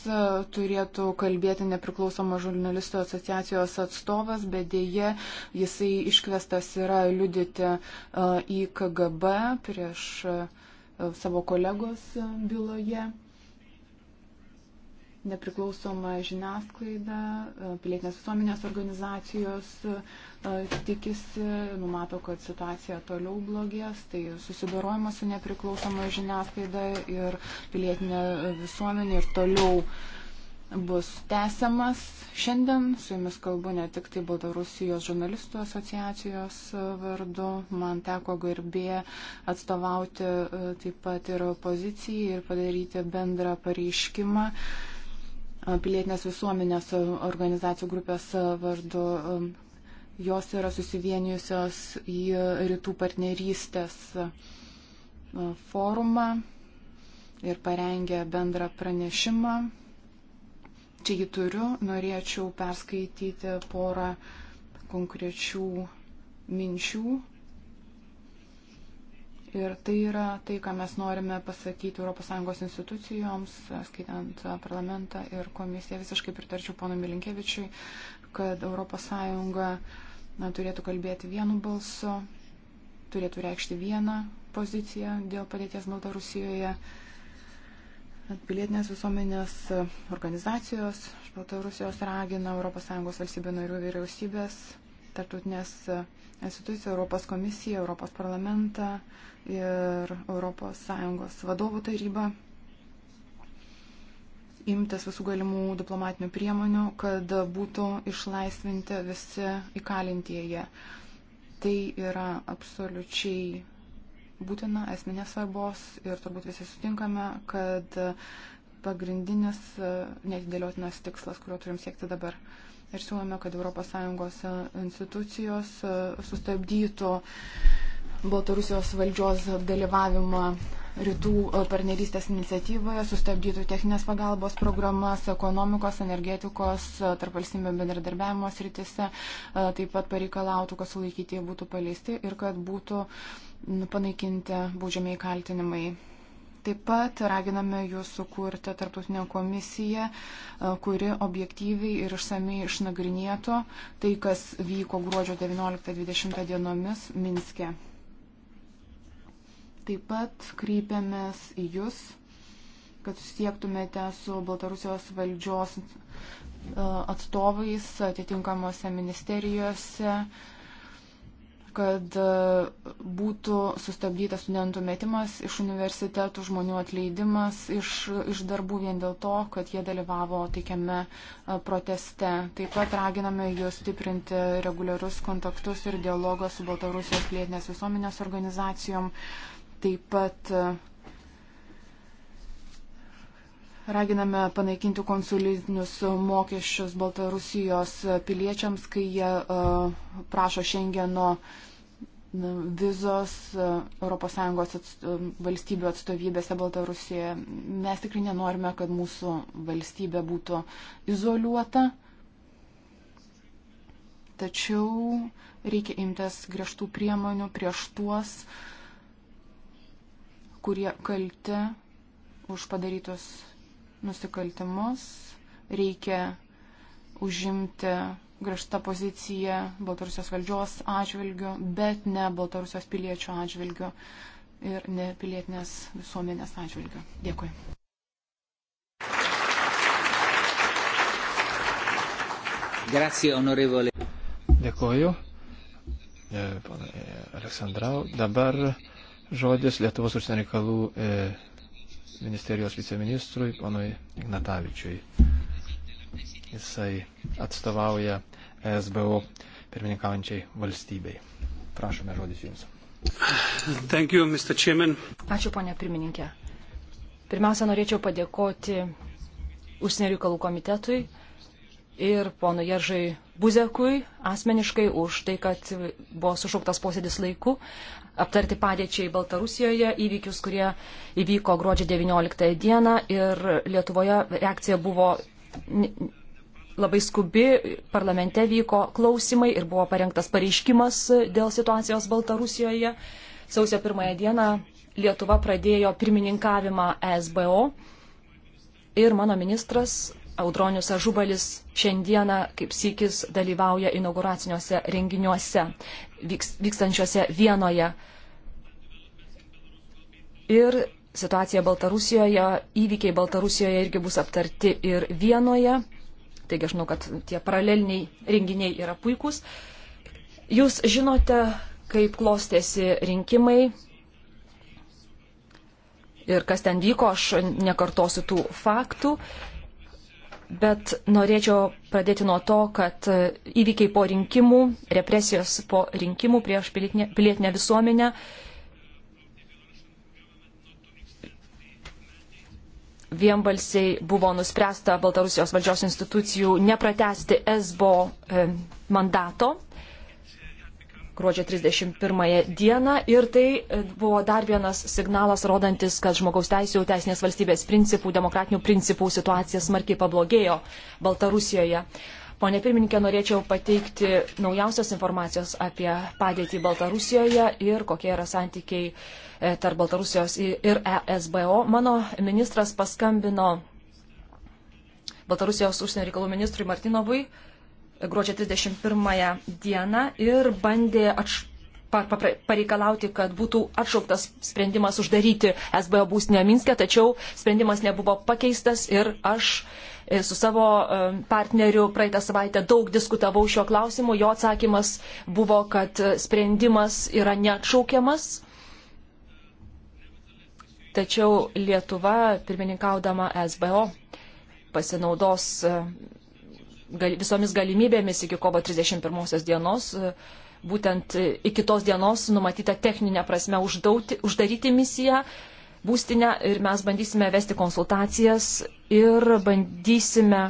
turėtų kalbėti nepriklausomos žurnalistų asociacijos atstovas, bet dėje jisai iškvestas yra liudyti į KGB prieš uh, savo kolegos byloje. Nepriklausoma žiniasklaida, pilietinės visuomenės organizacijos e, tikisi, numato, kad situacija toliau blogės, tai susidorojimas su nepriklausoma žiniasklaida ir pilietinė visuomenė ir toliau uh, bus tęsiamas. Šiandien su jumis kalbu ne tik tai Baltarusijos žurnalistų asociacijos vardu, man teko garbė atstovauti e, taip pat ir opozicijai ir padaryti bendrą pareiškimą e, pilietinės visuomenės organizacijų grupės vardu. E, jos yra susivienijusios į rytų partnerystės forumą ir parengė bendrą pranešimą Čia jį turiu, norėčiau perskaityti porą konkrečių minčių. Ir tai yra tai, ką mes norime pasakyti ES institucijoms, skaitant parlamentą ir komisiją. Visiškai pritarčiau pono Milinkievičiui, kad ES na, turėtų kalbėti vienu balsu, turėtų reikšti vieną poziciją dėl padėties Baltarusijoje. Rusijoje Pilietinės visuomenės organizacijos iš Baltarusijos ragina ES valstybių narių vyriausybės, tartutinės institucijų, Europos komisiją, Europos parlamentą ir ES vadovų tarybą imtis visų galimų diplomatinių priemonių, kad būtų išlaisvinti visi įkalintieji. Tai yra absoliučiai būtina, esminės svarbos ir turbūt visi sutinkame, kad pagrindinis e, netidėliotinas tikslas, kurio turim siekti dabar. Ir siūlome, kad ES e, institucijos e, sustabdytų Baltarusijos valdžios dalyvavimą rytų partnerystės iniciatyvoje, sustabdytų techninės pagalbos programas ekonomikos, energetikos, tarp valstybių bendradarbiavimo sritise, taip pat pareikalautų, kad sulaikytieji būtų paleisti ir kad būtų uh, panaikinti baudžiamiai kaltinimai. Taip pat raginame jūs sukurti tarptautinę komisiją, e, kuri objektyviai ir išsamei išnagrinėtų tai, kas vyko gruodžio 19-20 dienomis Minske. Taip pat kreipiamės į jūs, kad susiektumėte su Baltarusijos valdžios e, atstovais atitinkamose ministerijose, kad e, būtų sustabdytas studentų metimas iš universitetų, žmonių atleidimas iš, iš darbų vien dėl to, kad jie dalyvavo teikiame e, proteste. Taip pat raginame juos stiprinti reguliarius kontaktus ir dialogą su Baltarusijos plėtinės visuomenės organizacijom. Taip pat uh, raginame panaikinti konsulinius mokesčius Baltarusijos piliečiams, kai jie e, prašo Šengeno vizos ES e, valstybių atstovybėse Baltarusijoje. Mes tikrai nenorime, kad mūsų valstybė būtų izoliuota, tačiau reikia imtis griežtų priemonių prieš tuos, kurie kalti už padarytus nusikaltimus, reikia užimti griežtą poziciją Baltarusijos valdžios atžvilgių, bet ne Baltarusijos piliečių atžvilgių ir ne pilietinės visuomenės atžvilgių. Dėkui. Grazie, onorevole. Dėkuoju. E, Aleksandrau, dabar žodis Lietuvos užsienio reikalų e, ministerijos viceministrui, ponui Ignatavičiui. Jisai atstovauja SBO pirmininkaujančiai valstybei. Prašome žodis Jums. Thank you, Mr. Chairman. Ačiū, ponė pirmininkė. Pirmiausia, norėčiau padėkoti Užsienio reikalų komitetui ir ponui Jeržai Buzekui asmeniškai už tai, kad buvo sušauktas posėdis laiku aptarti padėčiai Baltarusijoje, įvykius, kurie įvyko gruodžio 19 dieną ir Lietuvoje reakcija buvo labai skubi, parlamente vyko klausimai ir buvo parengtas pareiškimas dėl situacijos Baltarusijoje. Sausio pirmąją dieną Lietuva pradėjo pirmininkavimą e SBO ir mano ministras Audronius Ažubalis šiandieną kaip sykis dalyvauja inauguraciniuose renginiuose vyks, vykstančiuose Vienoje. Ir situacija Baltarusijoje, įvykiai Baltarusijoje irgi bus aptarti ir Vienoje. Taigi aš žinau, kad tie paraleliniai renginiai yra puikūs. Jūs žinote, kaip klostėsi rinkimai ir kas ten vyko, aš nekartosiu tų faktų. Bet norėčiau pradėti nuo to, kad e, įvykiai po rinkimų, represijos po rinkimų prieš pilietinę, pilietinę visuomenę vienbalsiai buvo nuspręsta Baltarusijos valdžios institucijų nepratesti ESBO e, mandato gruodžio 31 dieną ir tai e, buvo dar vienas signalas rodantis, kad žmogaus teisėjų teisinės valstybės principų, demokratinių principų situacija smarkiai pablogėjo Baltarusijoje. Pone pirmininkė, norėčiau pateikti naujausios informacijos apie padėtį Baltarusijoje ir kokie yra santykiai e, tarp Baltarusijos ir ESBO. Mano ministras paskambino Baltarusijos užsienio reikalų ministrui Martinovui gruodžio 31 dieną ir bandė atš, pa, pa, pareikalauti, kad būtų atšauktas sprendimas uždaryti SBO būstinę Minske, tačiau sprendimas nebuvo pakeistas ir aš e, su savo e, partneriu praeitą savaitę daug diskutavau šiuo klausimu. Jo atsakymas buvo, kad e, sprendimas yra neatšaukiamas. Tačiau Lietuva, pirmininkaudama SBO, pasinaudos gal, visomis galimybėmis iki kovo 31 dienos, e, būtent e, iki tos dienos numatyta techninė prasme uždauti, uždaryti misiją, būstinę ir mes bandysime vesti konsultacijas ir bandysime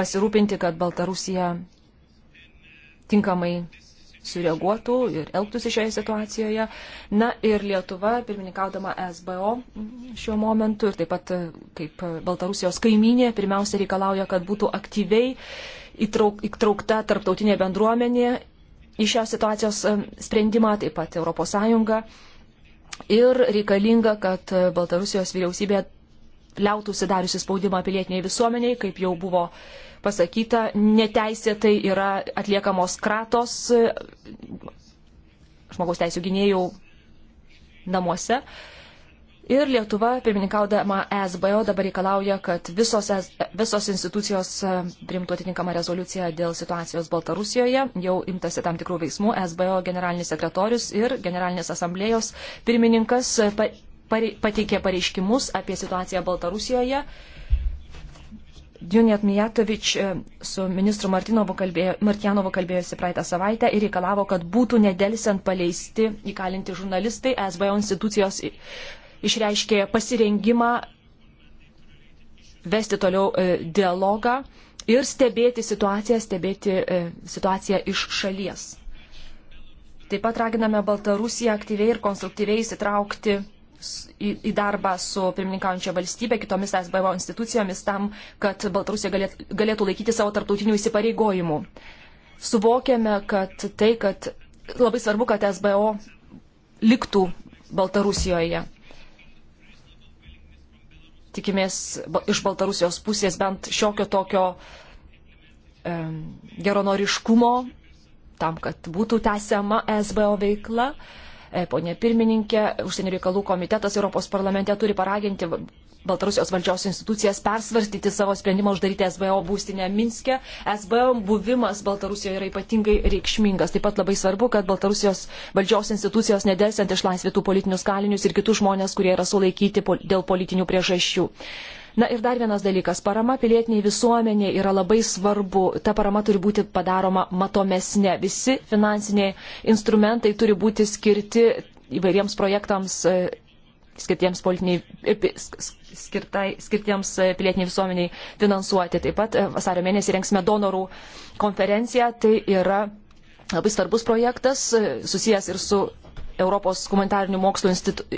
pasirūpinti, kad Baltarusija tinkamai sureaguotų ir elgtųsi šioje situacijoje. Na ir Lietuva, pirmininkaudama SBO šiuo momentu ir taip pat e, kaip Baltarusijos kaiminė, pirmiausia reikalauja, kad būtų aktyviai įtrauk, įtraukta tarptautinė bendruomenė į šią situacijos e, sprendimą, taip pat ES. Ir reikalinga, kad Baltarusijos vyriausybė liautųsi dariusi spaudimą pilietiniai visuomeniai, kaip jau buvo uh, pasakyta, neteisėtai yra atliekamos kratos žmogaus teisų gynėjų namuose. Ir Lietuva, pirmininkaudama ESBO, dabar reikalauja, kad visos, e visos institucijos e, primtų atitinkamą rezoliuciją dėl situacijos Baltarusijoje. Jau imtasi tam tikrų veiksmų. ESBO generalinis sekretorius ir generalinės asamblėjos pirmininkas e, pateikė pareiškimus apie situaciją Baltarusijoje Junijat Mijatovič e, su ministru Martinovu kalbėjo, Martjanovu kalbėjosi praeitą savaitę ir reikalavo, kad būtų nedelsiant paleisti įkalinti žurnalistai. SBO institucijos išreiškė pasirengimą vesti toliau e, dialogą ir stebėti situaciją, stebėti e, situaciją iš šalies. Taip pat raginame Baltarusiją aktyviai ir konstruktyviai įsitraukti į, į darbą su pirmininkaujančia valstybė, kitomis SBO institucijomis tam, kad Baltarusija galėt, galėtų laikyti savo tarptautinių įsipareigojimų. Suvokėme, kad tai, kad labai svarbu, kad SBO liktų Baltarusijoje. Tikimės iš Baltarusijos pusės bent šiokio tokio e, geronoriškumo tam, kad būtų tęsiama SBO veikla. E, E, ponė pirmininkė, užsienio reikalų komitetas Europos parlamente turi paraginti Baltarusijos valdžios institucijas persvarstyti savo sprendimą uždaryti SBO būstinę Minske. SBO buvimas Baltarusijoje yra ypatingai reikšmingas. Taip pat labai svarbu, kad Baltarusijos valdžios institucijos nedelsiant išlaisvytų politinius kalinius ir kitus žmonės, kurie yra sulaikyti dėl politinių priežasčių. Na ir dar vienas dalykas. Parama pilietiniai visuomeniai yra labai svarbu. Ta parama turi būti padaroma matomesnė. Visi finansiniai instrumentai turi būti skirti įvairiems projektams e, skirtiems, e, skirtai, skirtiems e, pilietiniai visuomeniai finansuoti. Taip pat vasario mėnesį rengsime donorų konferenciją. Tai yra labai svarbus projektas, susijęs ir su Europos humanitarinių mokslo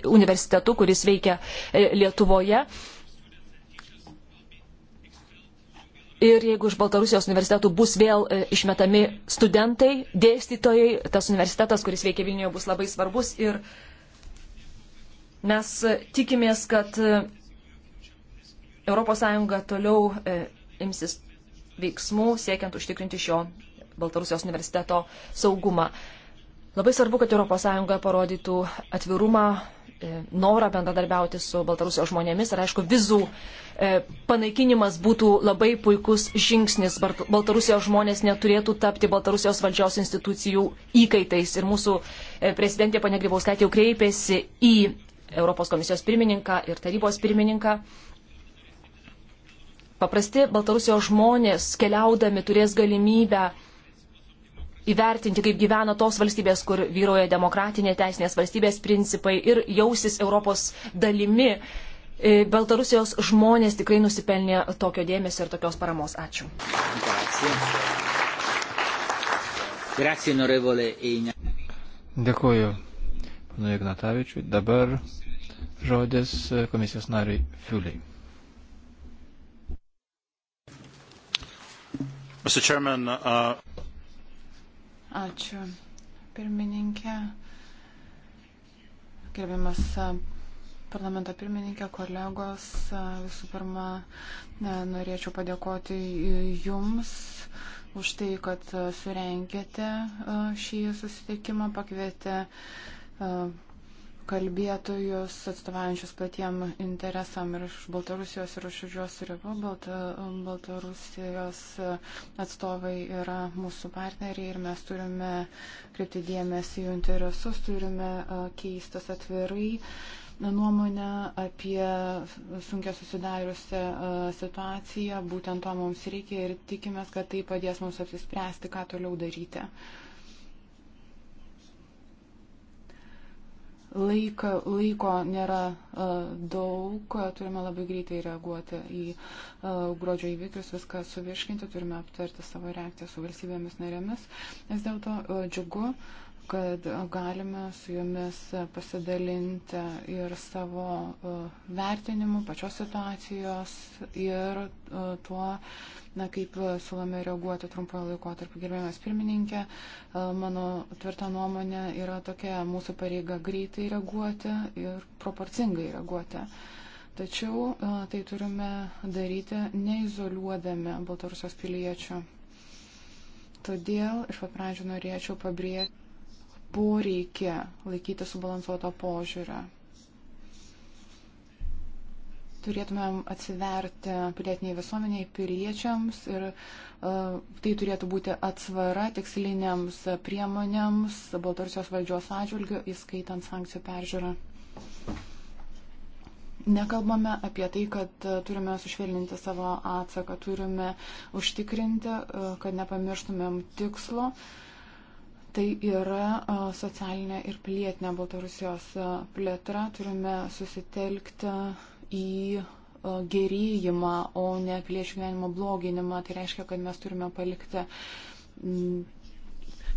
universitetu, kuris veikia Lietuvoje. Ir jeigu iš Baltarusijos universitetų bus vėl e, išmetami studentai, dėstytojai, tas universitetas, kuris veikia Vilniuje, bus labai svarbus. Ir mes e, tikimės, kad ES toliau e, imsis veiksmų, siekiant užtikrinti šio Baltarusijos universiteto saugumą. Labai svarbu, kad ES parodytų atvirumą E, norą bendradarbiauti su Baltarusijos žmonėmis ir aišku, vizų e, panaikinimas būtų labai puikus žingsnis. Baltarusijos žmonės neturėtų tapti Baltarusijos valdžios institucijų įkaitais ir mūsų e, prezidentė pane Grybauskaitė jau kreipėsi į Europos komisijos pirmininką ir tarybos pirmininką. Paprasti Baltarusijos žmonės keliaudami turės galimybę įvertinti, kaip gyvena tos valstybės, kur vyroja demokratinė teisinės valstybės principai ir jausis Europos dalimi. E, Baltarusijos žmonės tikrai nusipelnė tokio dėmesio ir tokios paramos. Ačiū. Dėkuoju, panu Ignatavičiui. Dabar žodis komisijos nariui Fiuliai. Mr. Chairman, uh... Ačiū, pirmininkė. Gerbiamas parlamento pirmininkė, kolegos, visų pirma, norėčiau padėkoti Jums už tai, kad surengėte šį susitikimą, pakvietė kalbėtojus atstovaujančius patiem interesam ir iš Baltarusijos ir iš jos ribų. Balta, Baltarusijos atstovai yra mūsų partneriai ir mes turime kreipti dėmesį jų interesus, turime keistas atvirai nuomonę apie sunkia susidariusią situaciją. Būtent to mums reikia ir tikimės, kad tai padės mums apsispręsti, ką toliau daryti. Laika, laiko nėra uh, daug, turime labai greitai reaguoti į uh, gruodžio įvykius, viską suvirškinti, turime aptarti savo reakciją su valstybėmis narėmis. Vis dėlto uh, džiugu, uh, kad galime su jumis pasidalinti ir savo e, vertinimu pačios situacijos ir e, tuo, na, kaip siūlome reaguoti trumpojo laiko tarp gerbėjimas pirmininkė. E, mano tvirta nuomonė yra tokia mūsų pareiga greitai reaguoti ir proporcingai reaguoti. Tačiau tai turime daryti neizoliuodami Baltarusijos piliečių. Todėl iš pat pradžių norėčiau pabrėžti poreikį laikyti subalansuoto požiūrio. Turėtumėm atsiverti pilietiniai visuomeniai, piliečiams ir uh, tai turėtų būti atsvara tiksliniams priemonėms Baltarusijos valdžios atžvilgių, įskaitant sankcijų peržiūrą. Nekalbame apie tai, kad turime sušvelninti savo atsaką, turime užtikrinti, e, kad nepamirštumėm tikslo. Uh, Tai yra socialinė ir pilietinė Baltarusijos plėtra. Turime susitelkti į gerėjimą, o ne piliečių gyvenimo bloginimą. Tai reiškia, kad mes turime palikti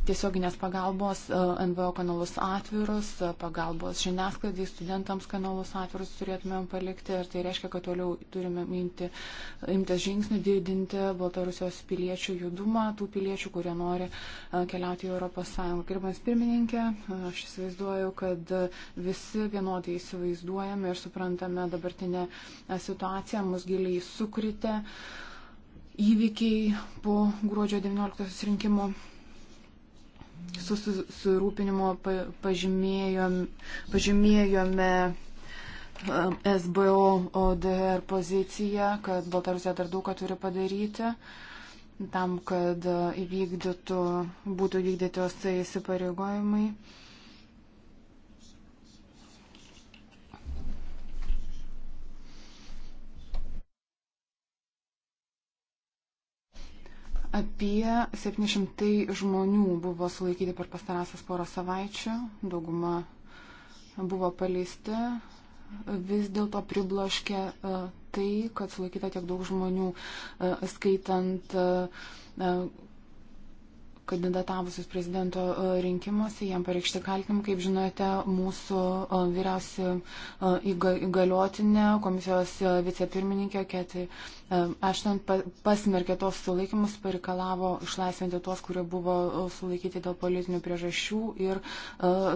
tiesioginės pagalbos e, NVO kanalus atvirus, e, pagalbos žiniasklaidai, studentams kanalus atvirus turėtumėm palikti. Ir tai reiškia, kad toliau turime imti, imtis žingsnių didinti Baltarusijos piliečių judumą, tų piliečių, kurie nori e, keliauti į ES. Gerbiamas pirmininkė, aš įsivaizduoju, kad visi vienodai įsivaizduojame ir suprantame dabartinę situaciją, mus giliai sukritė įvykiai po gruodžio 19 rinkimų susirūpinimo pažymėjom, pažymėjome um, SBO ODR poziciją, kad Baltarusija dar daug ką turi padaryti tam, kad uh, įvykdytų, būtų vykdyti jos įsipareigojimai. Tai Apie 700 žmonių buvo sulaikyti per pastarąsias porą savaičių, dauguma buvo paleisti. Vis dėlto pribloškė e, tai, kad sulaikyta tiek daug žmonių, e, skaitant e, kandidatavusius prezidento e, rinkimuose, jam pareikšti kaltinimai, kaip žinote, mūsų e, vyriausi e, įgaliotinė, komisijos vicepirmininkė Keti Ašton pasmerkė tos sulaikimus, pareikalavo išlaisvinti tuos, kurie buvo sulaikyti dėl politinių priežasčių ir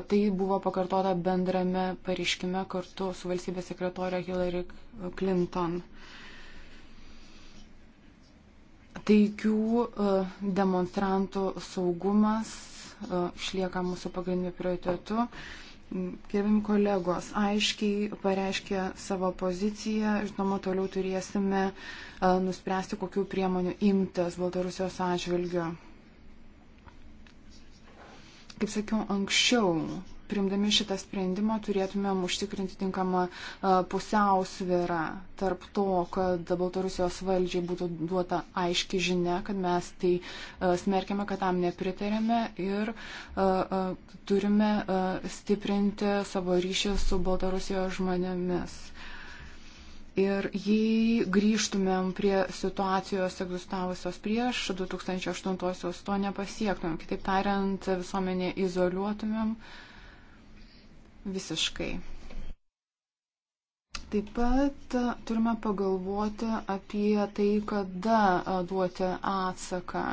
tai buvo pakartota bendrame pareiškime kartu su valstybės sekretorė Hillary Clinton. Uh, taikių e, demonstrantų saugumas e, išlieka mūsų pagrindiniu prioritetu. Mm, Gerbim kolegos, aiškiai pareiškė savo poziciją, žinoma, toliau turėsime e, nuspręsti, kokiu priemoniu imtas Baltarusijos atžvilgiu. Kaip sakiau anksčiau, primdami šitą sprendimą turėtumėm užtikrinti tinkamą e, pusiausvyrą tarp to, kad Baltarusijos valdžiai būtų duota aiški žinia, kad mes tai e, smerkiame, kad tam nepritarėme ir e, turime stiprinti savo ryšį su Baltarusijos žmonėmis. Ir jei grįžtumėm prie situacijos egzistavusios prieš 2008-osios, to nepasiektumėm. Kitaip tariant, visuomenė izoliuotumėm. Uh, visiškai. Taip pat e, turime pagalvoti apie tai, kada e, duoti atsaką.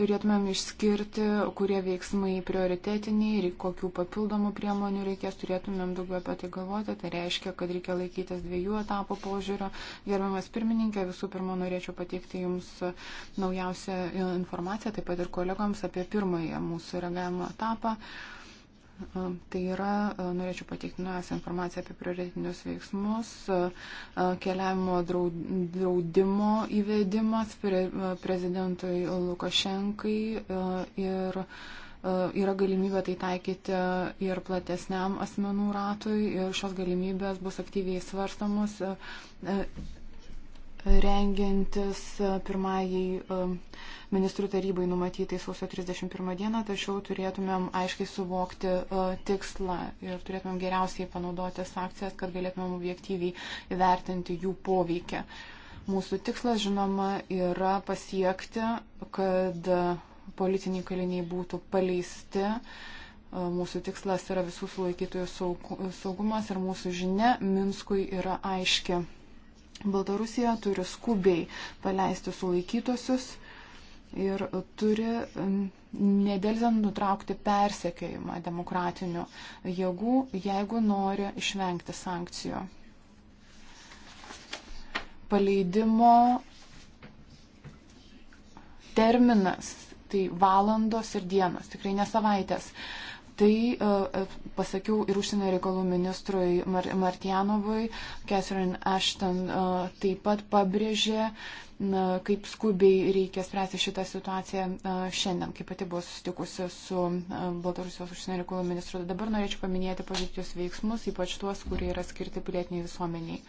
Turėtumėm išskirti, kurie veiksmai prioritetiniai ir kokių papildomų priemonių reikės, turėtumėm daugiau apie tai galvoti. Tai reiškia, kad reikia laikytis dviejų etapų požiūrio. Gerbiamas pirmininkė, visų pirma, norėčiau pateikti Jums naujausią informaciją, taip pat ir kolegoms apie pirmąją mūsų reagavimo etapą. Uh, Tai yra, norėčiau pateikti nuėsę informaciją apie prioritetinius veiksmus, keliavimo draudimo įvedimas pre, prezidentui Lukašenkai ir yra galimybė tai taikyti ir platesniam asmenų ratui ir šios galimybės bus aktyviai svarstamos rengiantis e, pirmajai e, ministrų tarybai numatytai sausio 31 dieną, tačiau turėtumėm aiškiai suvokti e, tikslą ir turėtumėm geriausiai panaudoti sankcijas, kad galėtumėm objektyviai įvertinti jų poveikį. Mūsų tikslas, žinoma, yra pasiekti, kad politiniai kaliniai būtų paleisti mūsų tikslas yra visų sulaikytojų saugumas ir mūsų žinia Minskui yra aiški. Baltarusija turi skubiai paleisti sulaikytosius ir turi nedėlzant nutraukti persekiojimą demokratinių jėgų, jeigu nori išvengti sankcijų. Paleidimo terminas tai valandos ir dienos, tikrai ne savaitės. Uh, Tai e, e, pasakiau ir užsienio reikalų ministrui Martianovui, Catherine Ashton e, taip pat pabrėžė, kaip skubiai reikia spręsti šitą situaciją šiandien, kaip pati buvo susitikusi su Baltarusijos užsienio reikalų ministru. Dabar norėčiau paminėti pozityvius veiksmus, ypač tuos, kurie yra skirti pilietiniai visuomeniai.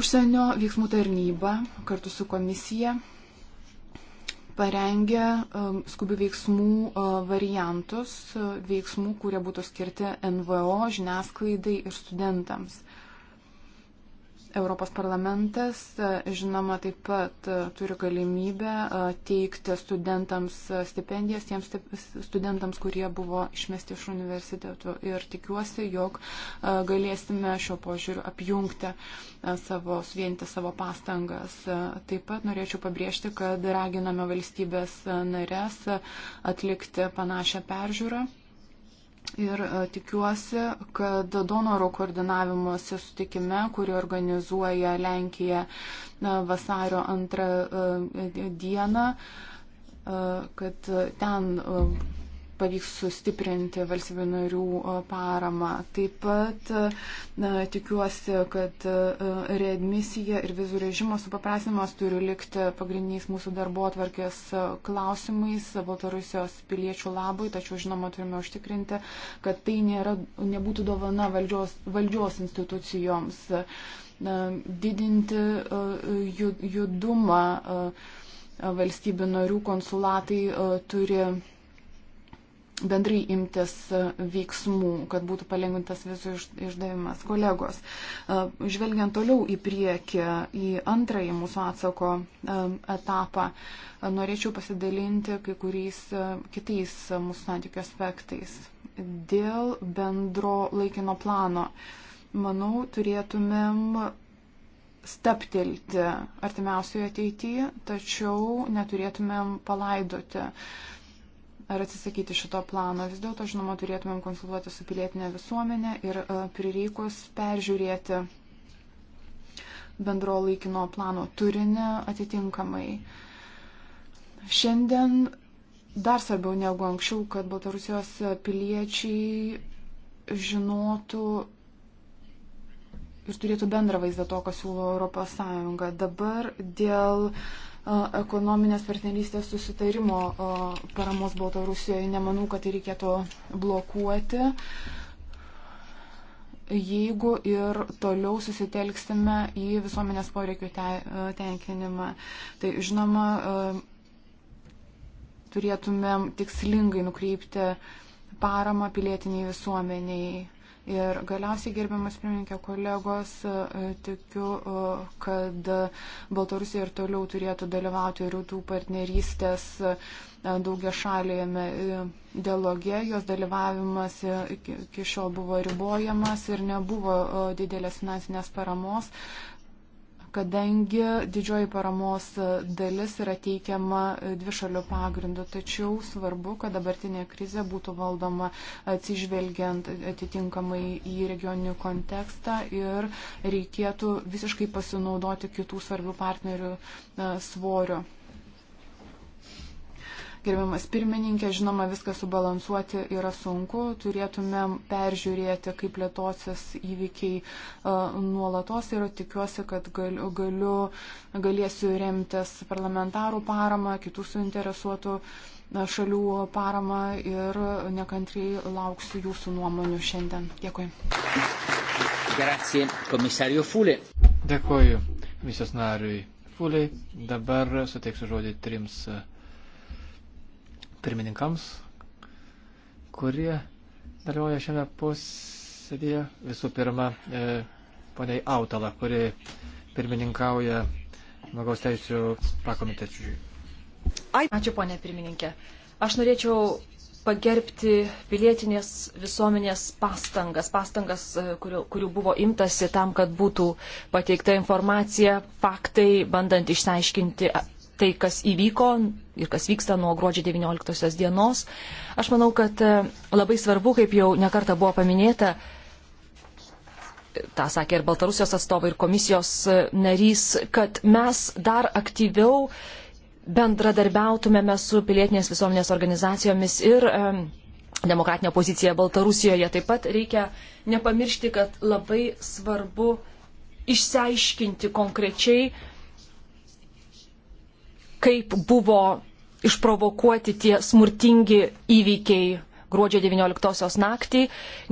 Užsienio veiksmų tarnyba kartu su komisija parengė um, skubių veiksmų uh, variantus, uh, veiksmų, kurie būtų skirti NVO, žiniasklaidai ir studentams. Europos parlamentas, e, žinoma, taip pat e, turi galimybę e, teikti studentams stipendijas, tiems studentams, kurie buvo išmesti iš universitetų. Ir tikiuosi, jog galėsime šio požiūriu apjungti savo, suvienyti savo pastangas. Taip pat norėčiau pabrėžti, kad raginame valstybės narės atlikti panašią peržiūrą Ir e, tikiuosi, kad donoro koordinavimuose sutikime, kurį organizuoja Lenkija e, vasario antrą e, dieną, kad ten pavyks sustiprinti valstybių narių paramą. Taip pat na, tikiuosi, kad readmisija ir vizų režimo supaprasinimas turi likti pagrindiniais mūsų darbo atvarkės klausimais Baltarusijos piliečių labui, tačiau žinoma turime užtikrinti, kad tai nėra, nebūtų dovana valdžios, valdžios institucijoms. Na, didinti judumą valstybių narių konsulatai turi bendrai imtis e, veiksmų, kad būtų palengvintas vizų išdavimas. Kolegos, e, žvelgiant toliau į priekį, į antrąjį mūsų atsako e, etapą, norėčiau pasidalinti kai kuriais kitais mūsų santykių aspektais. Dėl bendro laikino plano, manau, turėtumėm staptelti artimiausioje ateityje, tačiau neturėtumėm palaidoti ar atsisakyti šito plano. Vis dėlto, žinoma, turėtumėm konsultuoti su pilietinė visuomenė ir e, prireikus peržiūrėti bendro laikino plano turinį atitinkamai. Šiandien dar svarbiau negu anksčiau, kad Baltarusijos piliečiai žinotų ir turėtų bendrą vaizdą to, ką siūlo Europos Sąjunga. Dabar dėl uh, ekonominės partnerystės susitarimo paramos Baltarusijoje. Nemanau, kad tai reikėtų blokuoti. Jeigu ir toliau susitelksime į visuomenės poreikių tenkinimą, tai žinoma, turėtumėm tikslingai nukreipti paramą pilietiniai visuomeniai Ir galiausiai, gerbiamas pirmininkė kolegos, e, tikiu, e, kad Baltarusija ir toliau turėtų dalyvauti rytų partnerystės e, daugia šalėjame dialoge. Jos dalyvavimas iki šiol buvo ribojamas ir nebuvo didelės finansinės paramos kadangi didžioji paramos dalis yra teikiama dvišalių pagrindų. Tačiau svarbu, kad dabartinė krizė būtų valdoma atsižvelgiant atitinkamai į regioninį kontekstą ir reikėtų visiškai pasinaudoti kitų svarbių partnerių svoriu. Gerbiamas pirmininkė, žinoma, viską subalansuoti yra sunku, turėtumėm peržiūrėti, kaip plėtosis įvykiai e, nuolatos ir tikiuosi, kad galiu, galiu galėsiu remtis parlamentarų paramą, kitų suinteresuotų e, šalių paramą ir nekantriai lauksiu jūsų nuomonių šiandien. Dėkui. Grazie, komisario Fulė. Dėkuoju visos nariui Fulė. Dabar suteiksiu žodį trims pirmininkams, kurie dalyvauja šiame posėdėje. Visų pirma, e, poniai Autala, kuri pirmininkauja žmogaus teisų pakomitečiui. Ačiū, ponė pirmininkė. Aš norėčiau pagerbti pilietinės visuomenės pastangas, pastangas, e, kurių, kurių buvo imtasi tam, kad būtų pateikta informacija, faktai, bandant išsiaiškinti tai, kas įvyko ir kas vyksta nuo gruodžio 19 dienos. Aš manau, kad e, labai svarbu, kaip jau nekarta buvo paminėta, e, tą sakė ir Baltarusijos atstovai, ir komisijos e, narys, kad mes dar aktyviau bendradarbiautumėme su pilietinės visuomenės organizacijomis ir um, demokratinė pozicija Baltarusijoje. Taip pat reikia nepamiršti, kad labai svarbu išsiaiškinti konkrečiai, kaip buvo išprovokuoti tie smurtingi įvykiai gruodžio 19 naktį,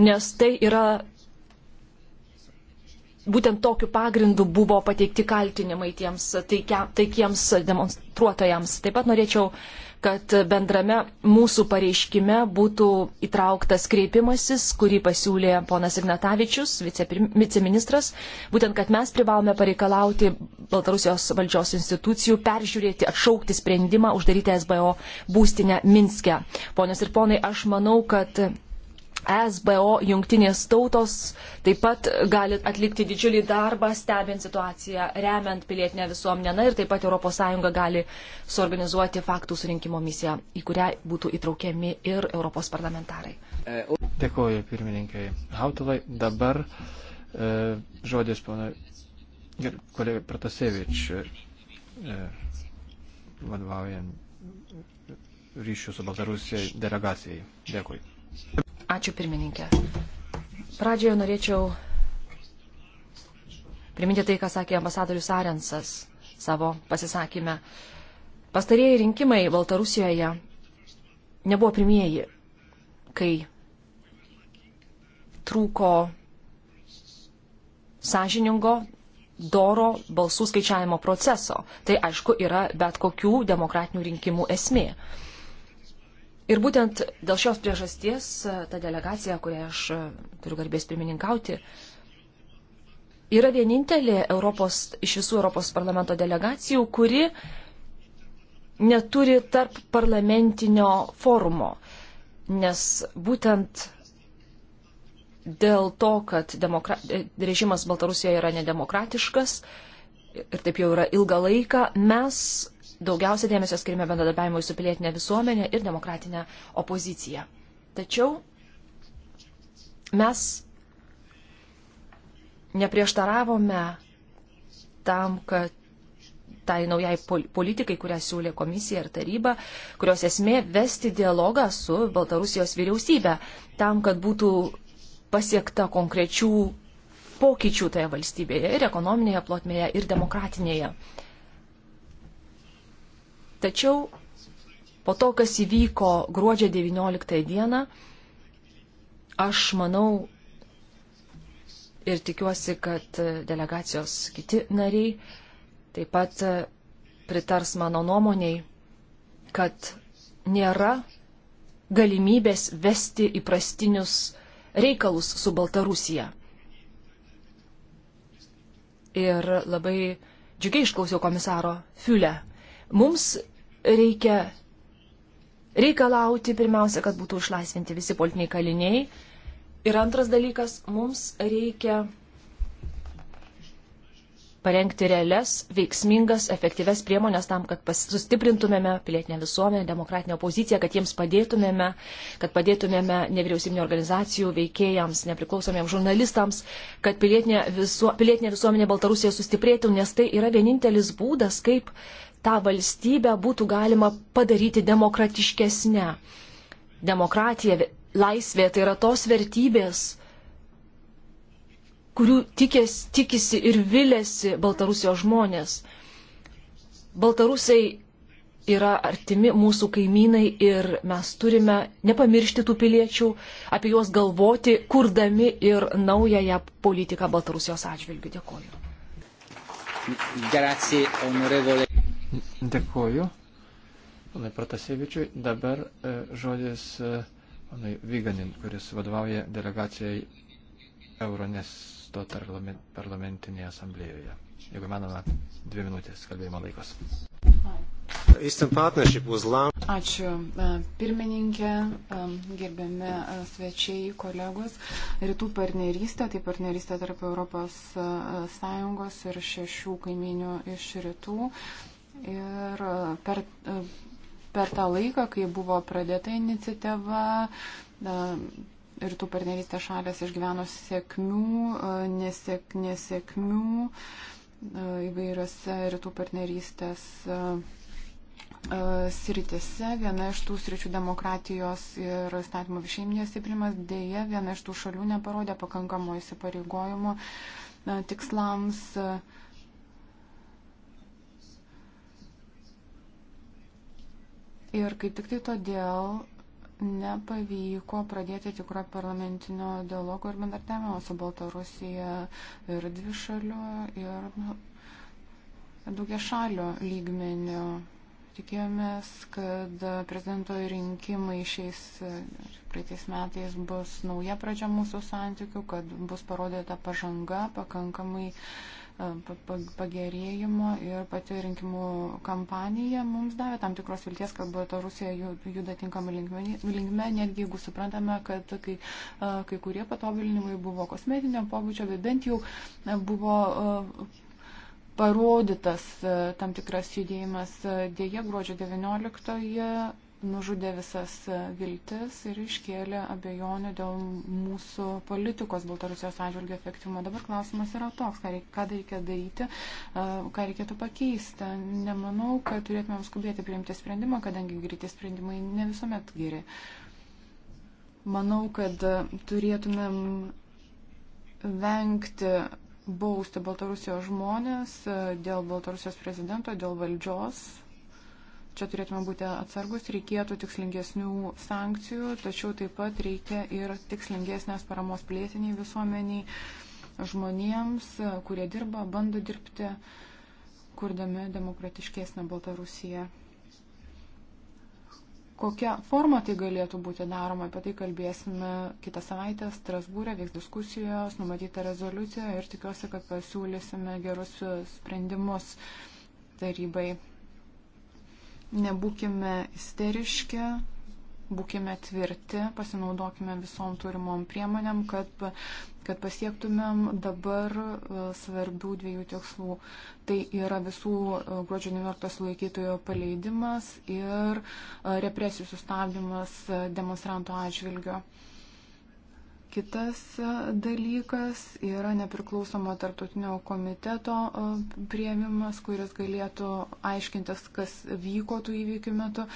nes tai yra būtent tokiu pagrindu buvo pateikti kaltinimai tiems taikia, taikiems demonstruotojams. Taip pat norėčiau kad bendrame mūsų pareiškime būtų įtrauktas kreipimasis, kurį pasiūlė ponas Ignatavičius, viceministras, būtent, kad mes privalome pareikalauti Baltarusijos valdžios institucijų peržiūrėti, atšaukti sprendimą uždaryti SBO būstinę Minske. Ponios ir ponai, aš manau, kad SBO jungtinės tautos taip pat gali atlikti didžiulį darbą, stebint situaciją, remiant pilietinę visuomenę. Na ir taip pat ES gali suorganizuoti faktų surinkimo misiją, į kurią būtų įtraukiami ir Europos parlamentarai. Dėkuoju pirmininkai Hautalai. Dabar e, žodis pana kolega Pratasevič e, vadovaujant ryšių su Baltarusija delegacijai. Dėkui. Ačiū pirmininkė. Pradžioje norėčiau priminti tai, ką sakė ambasadorius Arensas savo pasisakymę. Pastarieji rinkimai Baltarusijoje nebuvo pirmieji, kai trūko sąžiningo, doro balsų skaičiavimo proceso. Tai aišku yra bet kokių demokratinių rinkimų esmė. Ir būtent dėl šios priežasties e, ta delegacija, kurią aš e, turiu garbės pirmininkauti, yra vienintelė Europos, iš visų Europos parlamento delegacijų, kuri neturi tarp parlamentinio forumo, nes būtent dėl to, kad demokra... E, režimas Baltarusijoje yra nedemokratiškas ir taip jau yra ilgą laiką, mes daugiausia dėmesio skirime bendradarbiavimui su pilietinė visuomenė ir demokratinė opozicija. Tačiau mes neprieštaravome tam, kad tai naujai politikai, kurią siūlė komisija ir taryba, kurios esmė vesti dialogą su Baltarusijos vyriausybė, tam, kad būtų pasiekta konkrečių pokyčių toje valstybėje ir ekonominėje plotmėje, ir demokratinėje. Uh, Tačiau po to, kas įvyko gruodžio 19 dieną, aš manau ir tikiuosi, kad delegacijos kiti nariai taip pat pritars mano nuomoniai, kad nėra galimybės vesti įprastinius reikalus su Baltarusija. Ir labai džiugiai išklausiau komisaro Fiulę. Mums reikia reikalauti pirmiausia, kad būtų išlaisvinti visi politiniai kaliniai. Ir antras dalykas, mums reikia parengti realias, veiksmingas, efektyves priemonės tam, kad sustiprintumėme pilietinę visuomenę, demokratinę opoziciją, kad jiems padėtumėme, kad padėtumėme nevyriausybinio organizacijų veikėjams, nepriklausomiems žurnalistams, kad pilietinė, visuo, pilietinė visuomenė Baltarusijoje sustiprėtų, nes tai yra vienintelis būdas, kaip tą valstybę būtų galima padaryti demokratiškesnę. Demokratija, laisvė tai yra tos vertybės, kurių tikės, tikisi ir vilėsi Baltarusijos žmonės. Baltarusiai yra artimi mūsų kaimynai ir mes turime nepamiršti tų piliečių, apie juos galvoti, kurdami ir naująją politiką Baltarusijos atžvilgių. Dėkoju. Grazie, onorevole. Dėkuoju. Panai Protasevičiui, dabar e, žodis e, panai Vyganin, kuris vadovauja delegacijai Euronesto parlamentinėje asamblėjoje. Jeigu manoma, dvi minutės kalbėjimo laikos. Ačiū e, pirmininkė, gerbiami svečiai, kolegos. Rytų partnerystė, tai partnerystė tarp ES ir šešių kaiminių iš rytų, Ir uh, per, uh, per tą laiką, kai buvo pradėta iniciatyva, uh, ir tų partnerystės šalės išgyveno sėkmių, nesėk, nesėkmių įvairiose rytų partnerystės sritise. Viena iš tų sričių demokratijos ir statymo viršeiminės stiprimas dėje viena iš tų šalių neparodė pakankamo įsipareigojimo tikslams. Uh, Ir kaip tik tai todėl nepavyko pradėti tikro parlamentinio dialogo ir bendartavimo su Baltarusija ir dvišaliu, ir nu, daugia šalio lygmeniu. Tikėjomės, kad prezidento rinkimai šiais praeitais metais bus nauja pradžia mūsų santykių, kad bus parodyta pažanga pakankamai uh, pagerėjimo ir pati rinkimų kampanija mums davė tam tikros vilties, kad Baltarusija juda tinkamą linkme, netgi jeigu suprantame, kad kai, kai kurie patobulinimai buvo kosmetinio pobūdžio, bet bent jau buvo parodytas tam tikras judėjimas. Dėje gruodžio 19-oje nužudė visas e, viltis ir iškėlė abejonių dėl mūsų politikos Baltarusijos atžvilgių efektyvumo. Dabar klausimas yra toks, ką, reik, ką reikia daryti, e, ką reikėtų pakeisti. Nemanau, kad turėtumėm skubėti priimti sprendimą, kadangi greiti sprendimai ne visuomet geri. Manau, kad e, turėtumėm vengti bausti Baltarusijos žmonės dėl Baltarusijos prezidento, dėl valdžios Čia turėtume būti atsargus, reikėtų tikslingesnių sankcijų, tačiau taip pat reikia ir tikslingesnės paramos plėtiniai visuomeniai, žmonėms, kurie dirba, bando dirbti, kurdami demokratiškesnę Baltarusiją. Kokia forma tai galėtų būti daroma, apie tai kalbėsime kitą savaitę Strasbūrė, vyks diskusijos, numatyta rezoliucija ir tikiuosi, kad pasiūlysime gerus sprendimus tarybai. Nebūkime isteriški, būkime tvirti, pasinaudokime visom turimom priemonėm, kad, kad pasiektumėm dabar e, svarbių dviejų tikslų. Tai yra visų e, gruodžio 19 sulaikytojo paleidimas ir e, represijų sustabdymas demonstrantų atžvilgiu. Kitas e, dalykas yra nepriklausomo tarptautinio komiteto e, prieimimas, kuris galėtų aiškintis, kas vyko tų įvykių metu.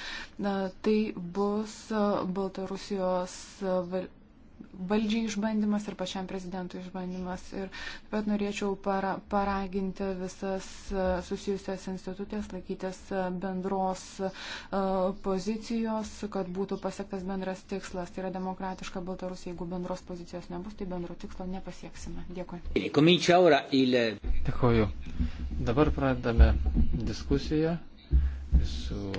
Tai bus e, Baltarusijos valdžiai išbandymas ir pačiam prezidentui išbandymas. Ir taip pat norėčiau para, paraginti visas e, susijusias institucijas laikytis e, bendros e, pozicijos, kad būtų pasiektas bendras tikslas. Tai yra demokratiška Baltarusija. Jeigu bendros pozicijos nebus, tai bendro tikslo nepasieksime. Dėkui. Dėkuoju. Dabar pradedame diskusiją. Visų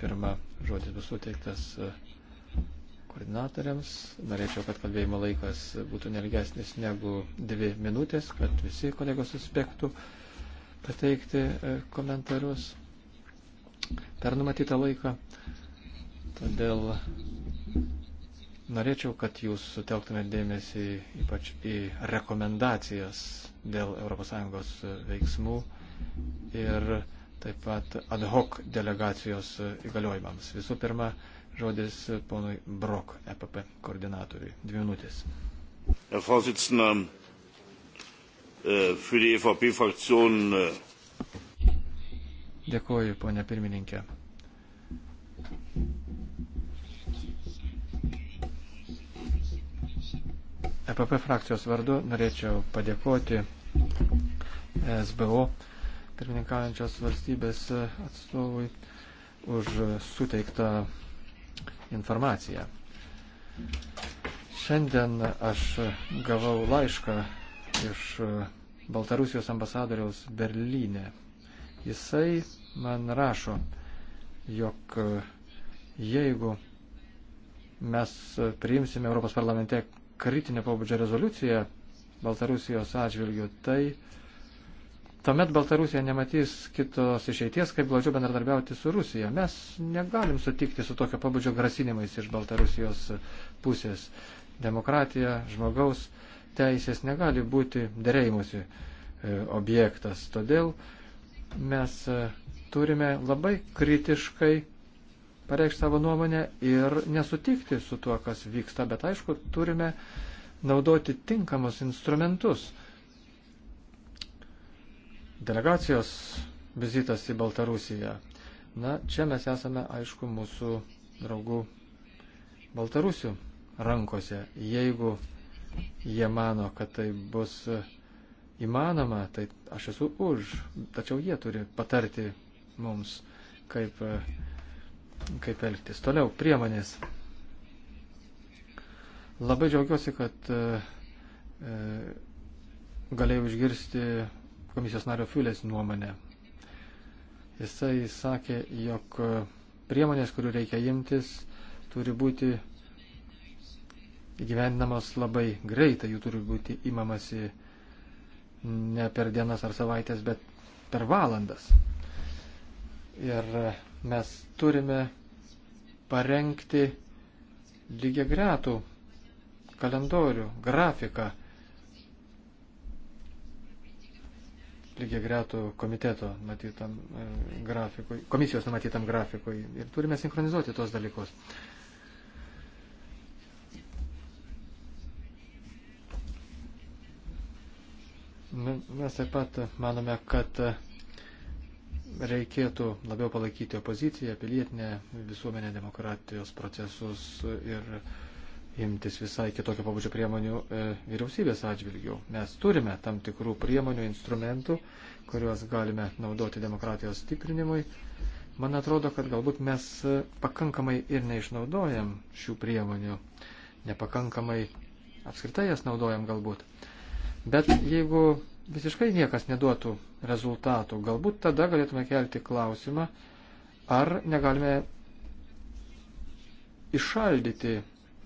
pirma, žodis bus suteiktas. Uh, koordinatoriams. Norėčiau, kad kalbėjimo laikas būtų nelgesnis negu dvi minutės, kad visi kolegos suspektų pateikti e, komentarus per numatytą laiką. Todėl norėčiau, kad jūs sutelktumėt dėmesį ypač į rekomendacijas dėl ES veiksmų ir taip pat ad hoc delegacijos įgaliojimams. Visų pirma, Žodis ponui Brok, EPP koordinatoriui. Dvi minutės. Herr Vorsitzender, äh, für die EVP-Fraktion. Äh, Dėkuoju, ponia pirmininkė. EPP frakcijos vardu norėčiau padėkoti SBO pirmininkaujančios valstybės atstovui už suteiktą informaciją. Šiandien aš gavau laišką iš Baltarusijos ambasadoriaus Berlyne. Jisai man rašo, jog jeigu mes priimsime Europos parlamente kritinio pobūdžio rezoliuciją Baltarusijos atžvilgių, tai Tuomet Baltarusija nematys kitos išeities, kaip glaudžiau bendradarbiauti su Rusija. Mes negalim sutikti su tokio pabudžio grasinimais iš Baltarusijos pusės. Demokratija, žmogaus teisės negali būti dėrėjimusi e, objektas. Todėl mes e, turime labai kritiškai pareikšti savo nuomonę ir nesutikti su tuo, kas vyksta, bet aišku, turime naudoti tinkamus instrumentus delegacijos vizitas į Baltarusiją. Na, čia mes esame, aišku, mūsų draugų Baltarusių rankose. Jeigu jie mano, kad tai bus įmanoma, tai aš esu už, tačiau jie turi patarti mums, kaip, kaip elgtis. Toliau, priemonės. Labai džiaugiuosi, kad e, galėjau išgirsti komisijos nario Fiulės nuomonę. Jisai sakė, jog priemonės, kurių reikia imtis, turi būti įgyvendinamos labai greitai, jų turi būti imamasi ne per dienas ar savaitės, bet per valandas. Ir mes turime parengti lygiai gretų kalendorių, grafiką, lygiai gretų komiteto matytam e, grafikui, komisijos numatytam grafikui ir turime sinchronizuoti tos dalykus. Mes taip pat manome, kad reikėtų labiau palaikyti opoziciją, pilietinę visuomenę, demokratijos procesus ir uh, imtis visai kitokio pabudžio priemonių e, vyriausybės atžvilgių. Mes turime tam tikrų priemonių, instrumentų, kuriuos galime naudoti demokratijos stiprinimui. Man atrodo, kad galbūt mes e, pakankamai ir neišnaudojam šių priemonių, nepakankamai apskritai jas naudojam galbūt. Bet jeigu visiškai niekas neduotų rezultatų, galbūt tada galėtume kelti klausimą, ar negalime išaldyti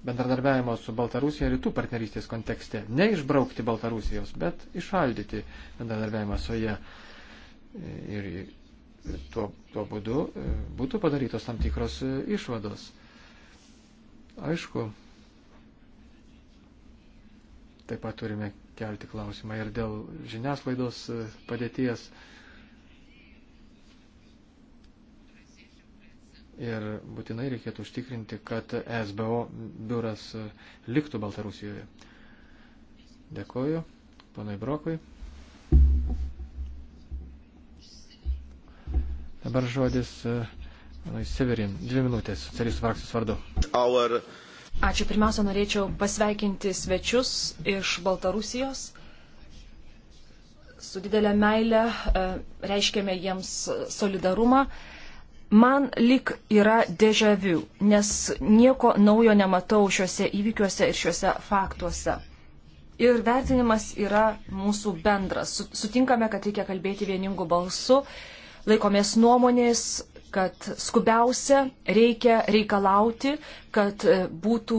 bendradarbiavimo su Baltarusija rytų partnerystės kontekste. Ne išbraukti Baltarusijos, bet išaldyti bendradarbiavimą su ja. Ir tuo, tuo būdu e, būtų padarytos tam tikros e, išvados. Aišku, taip pat turime kelti klausimą ir dėl žiniasklaidos e, padėties. Ir būtinai reikėtų užtikrinti, kad SBO biuras liktų Baltarusijoje. Dėkoju, ponai Brokui. Dabar žodis e, ponai Severin. Dvi minutės, socialistų frakcijos vardu. Our... Ačiū. Pirmiausia, norėčiau pasveikinti svečius iš Baltarusijos su didelė meile e, reiškėme jiems solidarumą man lik yra dėžavių, nes nieko naujo nematau šiuose įvykiuose ir šiuose faktuose. Ir vertinimas yra mūsų bendras. Sutinkame, kad reikia kalbėti vieningu balsu, laikomės nuomonės, kad skubiausia reikia reikalauti, kad e, būtų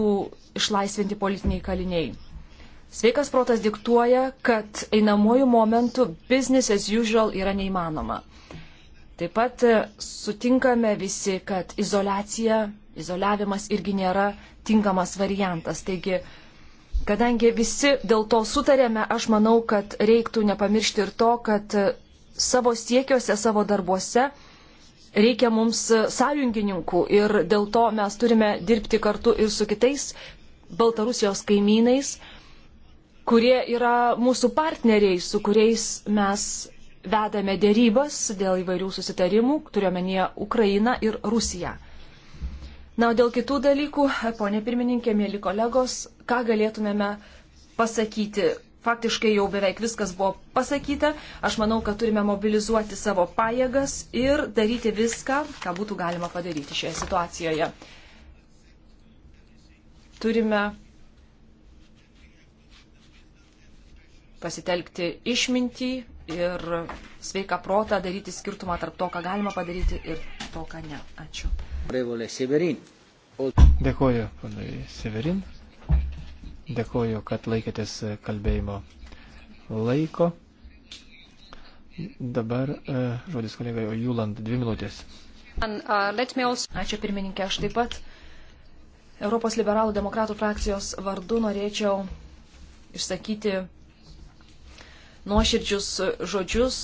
išlaisvinti politiniai kaliniai. Sveikas protas diktuoja, kad einamojų momentų business as usual yra neįmanoma. Taip pat e, sutinkame visi, kad izolacija, izoliavimas irgi nėra tinkamas variantas. Taigi, kadangi visi dėl to sutarėme, aš manau, kad reiktų nepamiršti ir to, kad e, savo siekiuose, savo darbuose reikia mums e, sąjungininkų ir dėl to mes turime dirbti kartu ir su kitais Baltarusijos kaimynais, kurie yra mūsų partneriai, su kuriais mes vedame dėrybas dėl įvairių susitarimų, turiuomenyje Ukraina ir Rusija. Na, o dėl kitų dalykų, ponė pirmininkė, mėly kolegos, ką galėtumėme pasakyti faktiškai jau beveik viskas buvo pasakyta. Aš manau, kad turime mobilizuoti savo pajėgas ir daryti viską, ką būtų galima padaryti šioje situacijoje. Turime pasitelkti išmintį ir sveiką protą daryti skirtumą tarp to, ką galima padaryti ir to, ką ne. Ačiū. Dėkuoju, panai Severin. Dėkuoju, kad laikėtės kalbėjimo laiko. Dabar e, žodis kolegai Juland, dvi minutės. Uh, Ačiū pirmininkė, aš taip pat Europos liberalų demokratų frakcijos vardu norėčiau išsakyti nuoširdžius žodžius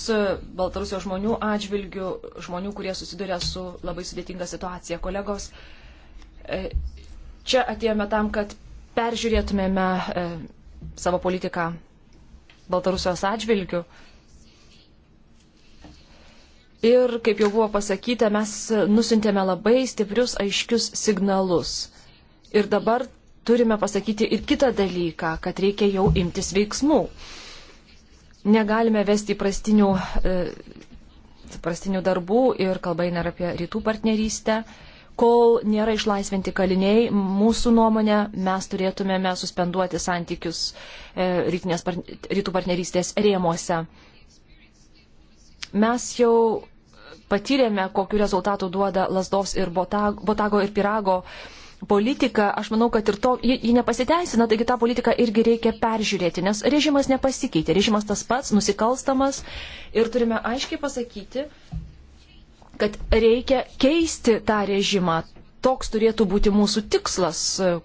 Baltarusijos žmonių atžvilgių, žmonių, kurie susiduria su labai sudėtinga situacija. Kolegos, e, čia atėjome tam, kad peržiūrėtumėme e, savo politiką Baltarusijos atžvilgių. Ir, kaip jau buvo pasakyta, mes nusintėme labai stiprius, aiškius signalus. Ir dabar turime pasakyti ir kitą dalyką, kad reikia jau imtis veiksmų negalime vesti prastinių, e, prastinių darbų ir kalba eina apie rytų partnerystę. Kol nėra išlaisvinti kaliniai, mūsų nuomonė, mes turėtumėme suspenduoti santykius e, rytinės, rytų partnerystės rėmuose. Mes jau patyrėme, kokiu rezultatu duoda lasdos ir botago, botago ir pirago uh, politika, aš manau, kad ir to, ji, ji nepasiteisina, taigi tą politiką irgi reikia peržiūrėti, nes režimas nepasikeitė, režimas tas pats, nusikalstamas ir turime aiškiai pasakyti, kad reikia keisti tą režimą. Toks turėtų būti mūsų tikslas,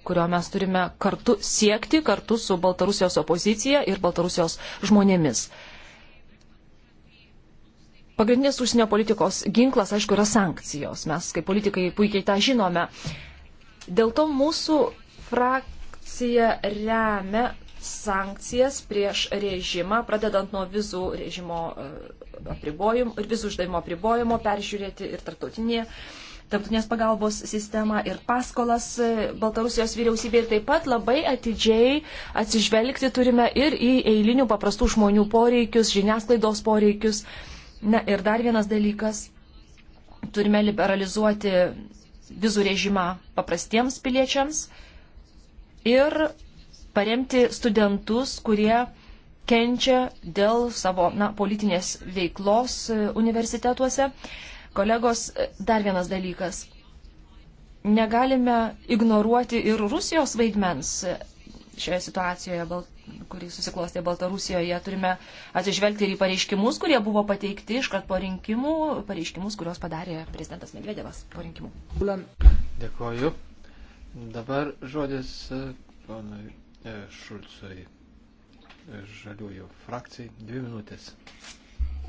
kurio mes turime kartu siekti, kartu su Baltarusijos opozicija ir Baltarusijos žmonėmis. Pagrindinės užsienio politikos ginklas, aišku, yra sankcijos. Mes kaip politikai puikiai tą žinome. Dėl to mūsų frakcija remia sankcijas prieš režimą, pradedant nuo vizų režimo e, apribojimų ir vizų uždavimo apribojimo, peržiūrėti ir tarptautinėje tarptautinės pagalbos sistemą ir paskolas e, Baltarusijos vyriausybė ir taip pat labai atidžiai atsižvelgti turime ir į eilinių paprastų žmonių poreikius, žiniasklaidos poreikius. Na ir dar vienas dalykas, turime liberalizuoti vizų režimą paprastiems piliečiams ir paremti studentus, kurie kenčia dėl savo na, politinės veiklos e, universitetuose. Kolegos, e, dar vienas dalykas. Negalime ignoruoti ir Rusijos vaidmens šioje situacijoje, kuri susiklostė Baltarusijoje, turime atsižvelgti ir į pareiškimus, kurie buvo pateikti iškart po rinkimų, pareiškimus, kuriuos padarė prezidentas Medvedevas po rinkimų. Dėkoju. Dabar žodis e, ponui e, Šulcui, žaliųjų frakcijai, dvi minutės.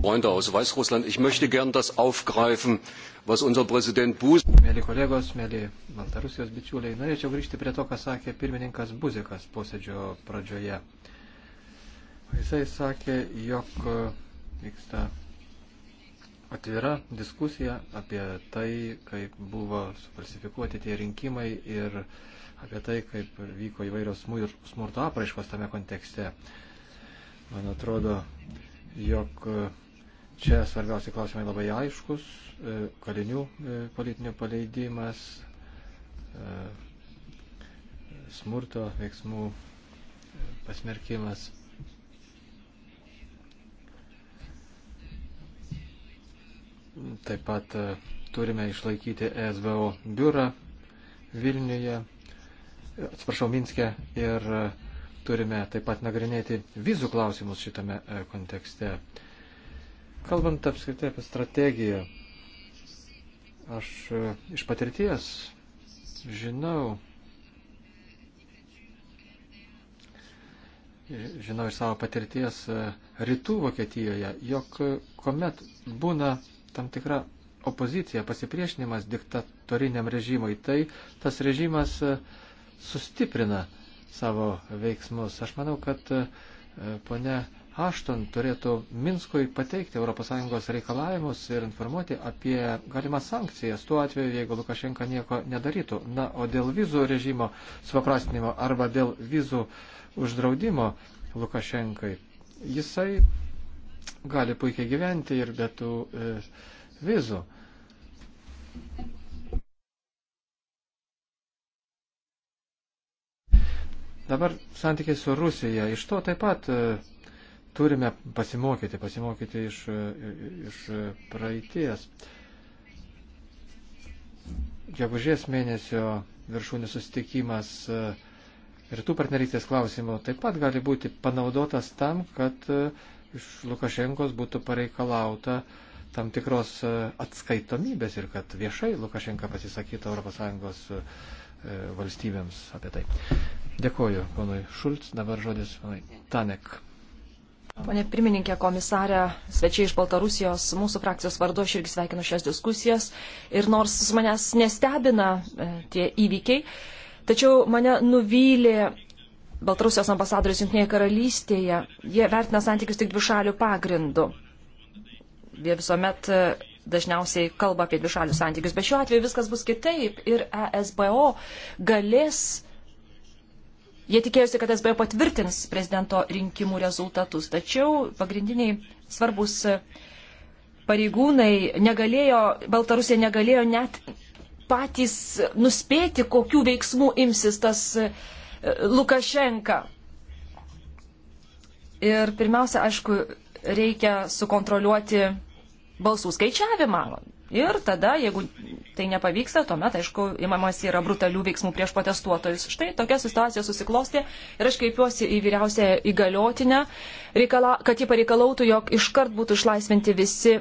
Freunde aus Weißrussland. Ich möchte gern das aufgreifen, was unser Präsident Buzek. Mėly kolegos, mėly Baltarusijos bičiuliai, norėčiau grįžti prie to, ką sakė pirmininkas Buzekas posėdžio pradžioje. Jisai sakė, jog e, vyksta atvira diskusija apie tai, kaip buvo sufalsifikuoti tie rinkimai ir apie tai, kaip vyko įvairios smurto apraiškos tame kontekste. Man atrodo, jog e, Čia svarbiausi klausimai labai aiškus. E, Kalinių e, politinių paleidimas, e, smurto veiksmų pasmerkimas. Taip pat turime išlaikyti SBO biurą Vilniuje, atsiprašau, Minske ir turime taip pat nagrinėti vizų klausimus šitame kontekste. Kalbant apskritai apie strategiją, aš e, iš patirties žinau, e, žinau iš savo patirties e, rytų Vokietijoje, jog kuomet būna tam tikra opozicija, pasipriešinimas diktatoriniam režimui, tai tas režimas sustiprina savo veiksmus. Aš manau, kad ponia Ašton turėtų Minskui pateikti ES reikalavimus ir informuoti apie galimas sankcijas tuo atveju, jeigu Lukašenka nieko nedarytų. Na, o dėl vizų režimo supaprastinimo arba dėl vizų uždraudimo Lukašenkai, jisai gali puikiai gyventi ir be tų e, vizų. Dabar santykiai su Rusija. Iš to taip pat. E, turime pasimokyti, pasimokyti iš, iš praeities. Gegužės mėnesio viršūnių sustikimas rytų partnerystės klausimų taip pat gali būti panaudotas tam, kad iš Lukašenkos būtų pareikalauta tam tikros atskaitomybės ir kad viešai Lukašenka pasisakytų ES e, valstybėms apie tai. Dėkuoju, ponui Šulc, dabar žodis ponui Tanek. Pone pirmininkė, komisarė, svečiai iš Baltarusijos, mūsų frakcijos vardu aš irgi sveikinu šias diskusijas. Ir nors manęs nestebina e, tie įvykiai, tačiau mane nuvylė Baltarusijos ambasadorius Junktinėje karalystėje. Jie vertina santykius tik dvišalių pagrindų. Jie visuomet e, dažniausiai kalba apie dvišalius santykius, bet šiuo atveju viskas bus kitaip ir ESBO galės Jie tikėjosi, kad SB patvirtins prezidento rinkimų rezultatus, tačiau pagrindiniai svarbus pareigūnai negalėjo, Baltarusija negalėjo net patys nuspėti, kokių veiksmų imsis tas e, Lukašenka. Ir pirmiausia, aišku, reikia sukontroliuoti balsų skaičiavimą. Ir tada, jeigu tai nepavyksta, tuomet, aišku, imamas yra brutalių veiksmų prieš protestuotojus. Štai tokia situacija susiklostė ir aš kreipiuosi į vyriausią įgaliotinę, reikala, kad ji pareikalautų, jog iškart būtų išlaisvinti visi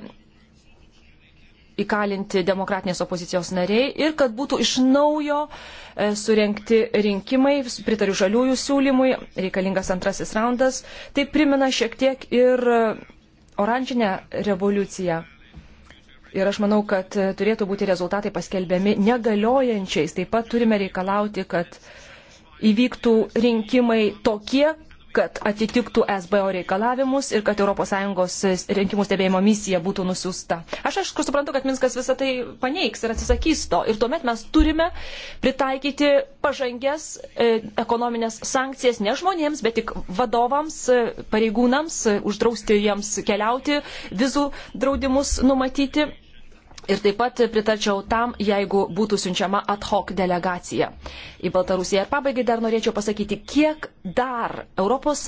įkalinti demokratinės opozicijos nariai ir kad būtų iš naujo e, surenkti rinkimai, pritariu žaliųjų siūlymui, reikalingas antrasis raundas. Tai primena šiek tiek ir e, oranžinę revoliuciją Ir aš manau, kad turėtų būti rezultatai paskelbiami negaliojančiais. Taip pat turime reikalauti, kad įvyktų rinkimai tokie, kad atitiktų SBO reikalavimus ir kad ES rinkimų stebėjimo misija būtų nusiusta. Aš aišku suprantu, kad Minskas visą tai paneigs ir atsisakys to. Ir tuomet mes turime pritaikyti pažangės e, ekonominės sankcijas ne žmonėms, bet tik vadovams, e, pareigūnams, e, uždrausti jiems keliauti, vizų draudimus numatyti Ir taip pat pritarčiau tam, jeigu būtų siunčiama ad hoc delegacija į Baltarusiją. Ir pabaigai dar norėčiau pasakyti, kiek dar ES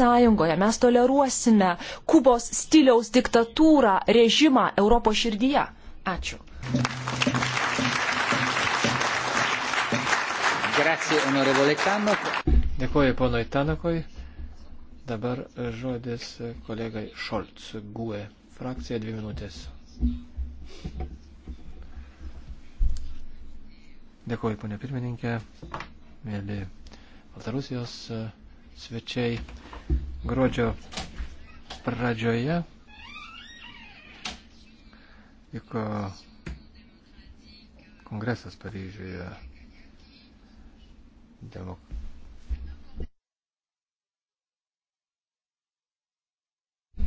mes toleruosime Kubos stiliaus diktatūrą, režimą Europos širdyje. Ačiū. Dėkuoju ponui Tanakui. Dabar žodis kolegai Šolc, GUE. Frakcija dvi minutės. Dėkuoju, ponė pirmininkė, mėly Baltarusijos e, svečiai. Gruodžio pradžioje vyko kongresas Paryžiuje. Demok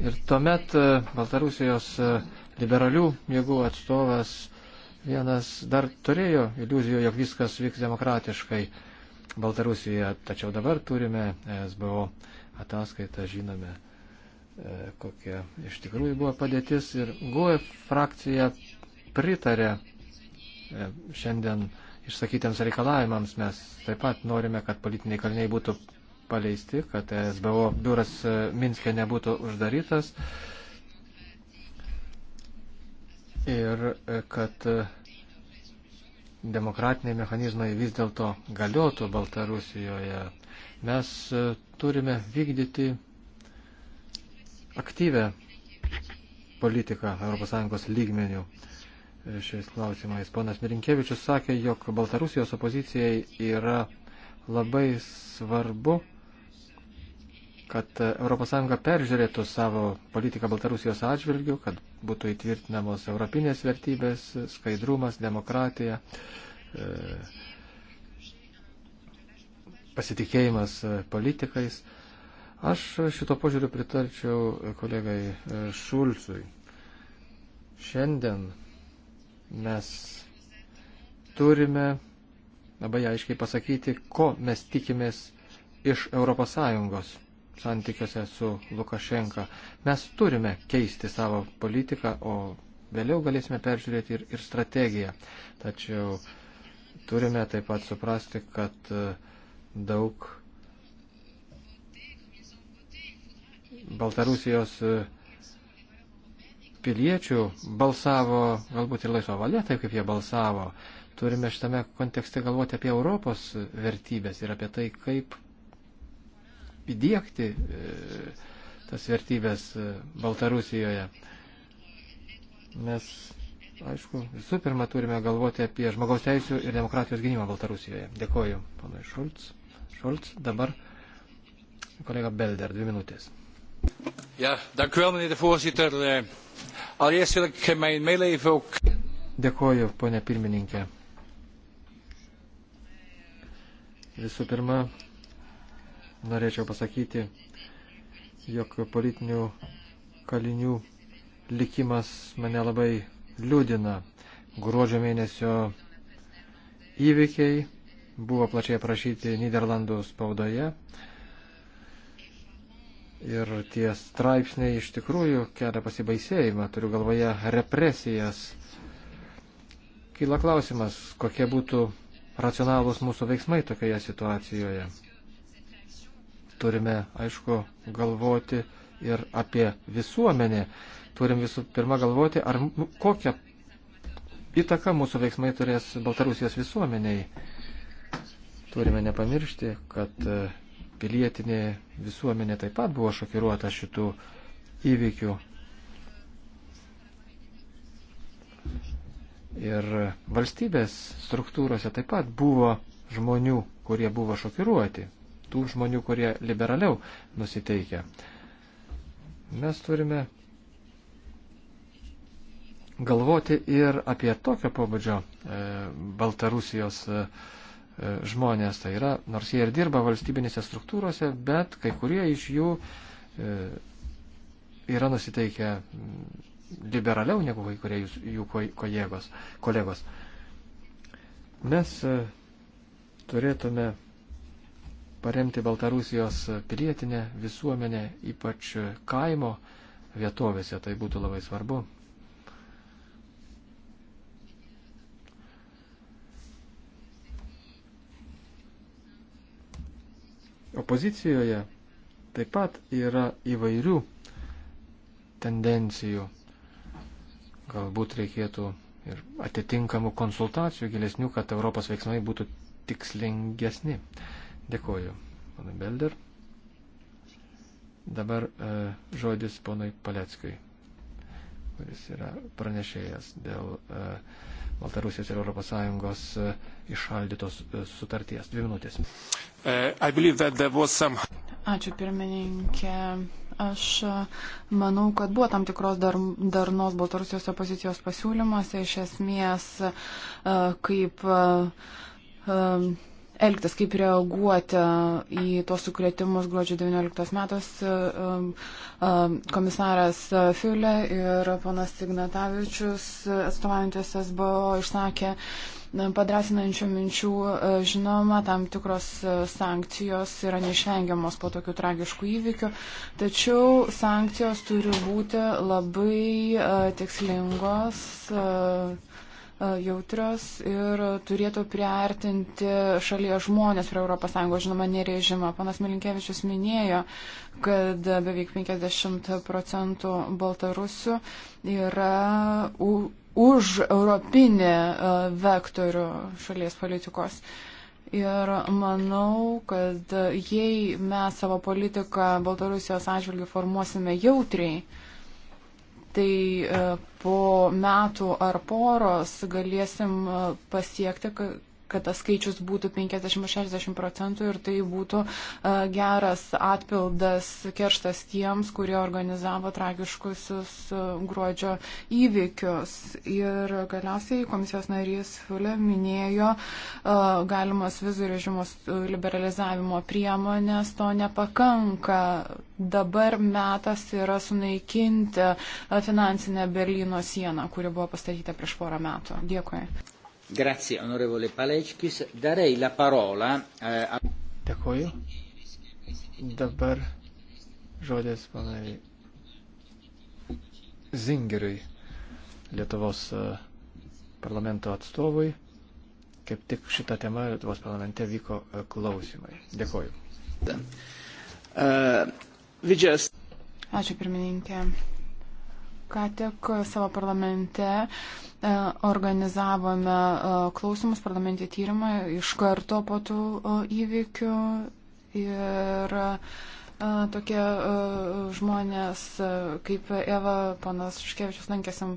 Ir tuomet e, Baltarusijos e, liberalių jėgų atstovas vienas dar turėjo iliuzijų, jog viskas vyks demokratiškai Baltarusijoje, tačiau dabar turime SBO ataskaitą, žinome, e, kokia iš tikrųjų buvo padėtis ir GUE frakcija pritarė e, šiandien išsakytiems reikalavimams. Mes taip pat norime, kad politiniai kaliniai būtų paleisti, kad SBO biuras e, Minskė nebūtų uždarytas. E, ir e, kad e, demokratiniai mechanizmai vis dėlto galiotų Baltarusijoje. Mes e, turime vykdyti aktyvę politiką ES lygmenių šiais klausimais. Ponas Mirinkievičius sakė, jog Baltarusijos opozicijai yra labai svarbu kad ES peržiūrėtų savo politiką Baltarusijos atžvilgių, kad būtų įtvirtinamos europinės vertybės, skaidrumas, demokratija, e, pasitikėjimas e, politikais. Aš šito požiūriu pritarčiau kolegai e, Šulcui. Šiandien mes turime labai aiškiai pasakyti, ko mes tikimės iš ES santykiuose su Lukašenka. Mes turime keisti savo politiką, o vėliau galėsime peržiūrėti ir, ir strategiją. Tačiau turime taip pat suprasti, kad e, daug Baltarusijos e, piliečių balsavo galbūt ir laisvo valia, taip kaip jie balsavo. Turime šitame kontekste galvoti apie Europos vertybės ir apie tai, kaip įdėkti e, tas vertybės e, Baltarusijoje. Mes, aišku, visų pirma turime galvoti apie žmogaus teisų ir demokratijos gynimą Baltarusijoje. Dėkoju, panai Šulc. Šulc, dabar kolega Belder, dvi minutės. Ja, dank u wel, meneer de voorzitter. Eh, allereerst wil ik mijn meeleven ook. Dėkoju, ponia pirmininkė. Visų pirma, norėčiau pasakyti, jog politinių kalinių likimas mane labai liūdina. Gruodžio mėnesio įvykiai buvo plačiai aprašyti Niderlandų spaudoje. Ir tie straipsniai iš tikrųjų kelia pasibaisėjimą, turiu galvoje represijas. Kyla klausimas, kokie būtų racionalūs mūsų veiksmai tokioje situacijoje turime, aišku, galvoti ir apie visuomenę. Turim visų pirma galvoti, ar kokią įtaką mūsų veiksmai turės Baltarusijos visuomeniai. Turime nepamiršti, kad e, pilietinė visuomenė taip pat buvo šokiruota šitų įvykių. Ir valstybės struktūrose taip pat buvo žmonių, kurie buvo šokiruoti tų žmonių, kurie liberaliau nusiteikia. Mes turime galvoti ir apie tokio pobūdžio e, Baltarusijos e, e, žmonės. Tai yra, nors jie ir dirba valstybinėse struktūrose, bet kai kurie iš jų e, yra nusiteikę liberaliau negu kai kurie jūs, jų kolegos. kolegos. Mes e, turėtume paremti Baltarusijos pilietinę visuomenę, ypač kaimo vietovėse, tai būtų labai svarbu. Opozicijoje taip pat yra įvairių tendencijų. Galbūt reikėtų ir atitinkamų konsultacijų gilesnių, kad Europos veiksmai būtų tikslingesni. Uh, Dėkuoju, ponai Belder. Dabar e, žodis ponai Paleckui, kuris yra pranešėjas dėl e, Baltarusijos ir ES e, išaldytos e, sutarties. Dvi minutės. Uh, some... Ačiū pirmininkė. Aš e, manau, kad buvo tam tikros dar, darnos Baltarusijos opozicijos pasiūlymuose. Iš esmės, e, kaip. E, e, elgtis, kaip reaguoti į tuos sukretimus gruodžio 19 metos um, um, komisaras Fiulė ir ponas Signatavičius atstovaujantis SBO išsakė padrasinančių minčių. E, žinoma, tam tikros e, sankcijos yra neišvengiamos po tokių tragiškų įvykių, tačiau sankcijos turi būti labai e, tikslingos E, jautrios ir turėtų priartinti šalies žmonės prie ES, žinoma, nerežimą. Panas Milinkievičius minėjo, kad beveik 50 procentų baltarusių yra už europinį e, vektorių šalies politikos. Ir manau, kad jei mes savo politiką Baltarusijos atžvilgių formuosime jautriai, tai e, po metų ar poros galėsim e, pasiekti, kad tas skaičius būtų 50-60 procentų ir tai būtų e, geras atpildas kerštas tiems, kurie organizavo tragiškusius e, gruodžio įvykius. Ir galiausiai komisijos narys Fulė minėjo e, galimas vizų režimo liberalizavimo priemonės, to nepakanka. Dabar metas yra sunaikinti finansinę Berlyno sieną, kuri buvo pastatyta prieš porą metų. Dėkui. Grazie, onorevole Palečkis. Darei la parola. Uh, eh, Dėkuoju. Dabar žodis panai Zingeriui, Lietuvos eh, parlamento atstovui. Kaip tik šitą temą Lietuvos parlamente vyko eh, klausimai. Dėkuoju. Uh, Ačiū pirmininkė ką tik savo parlamente e, organizavome e, klausimus parlamente tyrimą iš karto po tų e, įvykių ir tokie žmonės kaip Eva, panas Šuškevičius lankėsim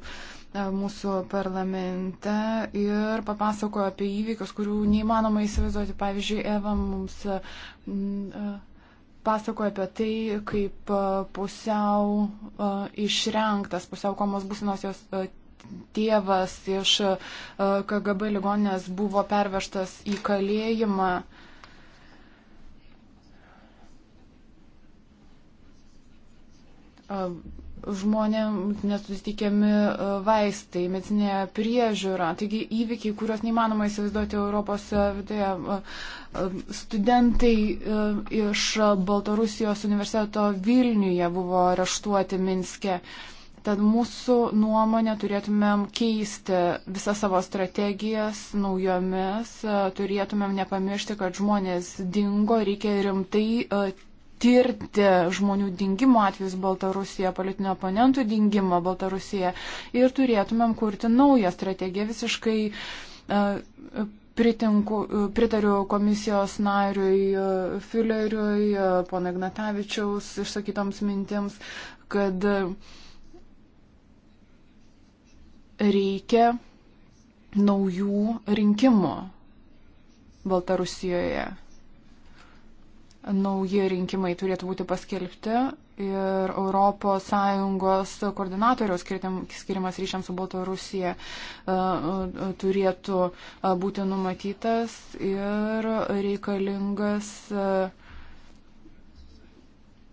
mūsų parlamente ir papasakojo apie įvykius, kurių neįmanoma įsivaizduoti. Pavyzdžiui, Eva mums pasakoja apie tai, kaip e, pusiau e, išrenktas, pusiau komos būsinos jos e, tėvas iš KGB ligonės buvo pervežtas į kalėjimą žmonėms nesusitikiami e, vaistai, medicinė priežiūra. Taigi įvykiai, kuriuos neįmanoma įsivaizduoti Europos e, viduje. E, studentai iš Baltarusijos universiteto Vilniuje buvo areštuoti Minske. Tad mūsų nuomonė turėtumėm keisti visą savo strategijas naujomis, turėtumėm nepamiršti, kad žmonės dingo, reikia rimtai tirti žmonių dingimo atvejus Baltarusijoje, politinio oponentų dingimo Baltarusijoje ir turėtumėm kurti naują strategiją visiškai. Uh, Pritinku, e, pritariu komisijos nariui e, Fileriui, pono Ignatavičiaus išsakytoms mintims, kad reikia naujų rinkimų Baltarusijoje nauji rinkimai turėtų būti paskelbti ir ES koordinatoriaus skirimas ryšiams su Baltarusija e, e, turėtų e, būti numatytas ir reikalingas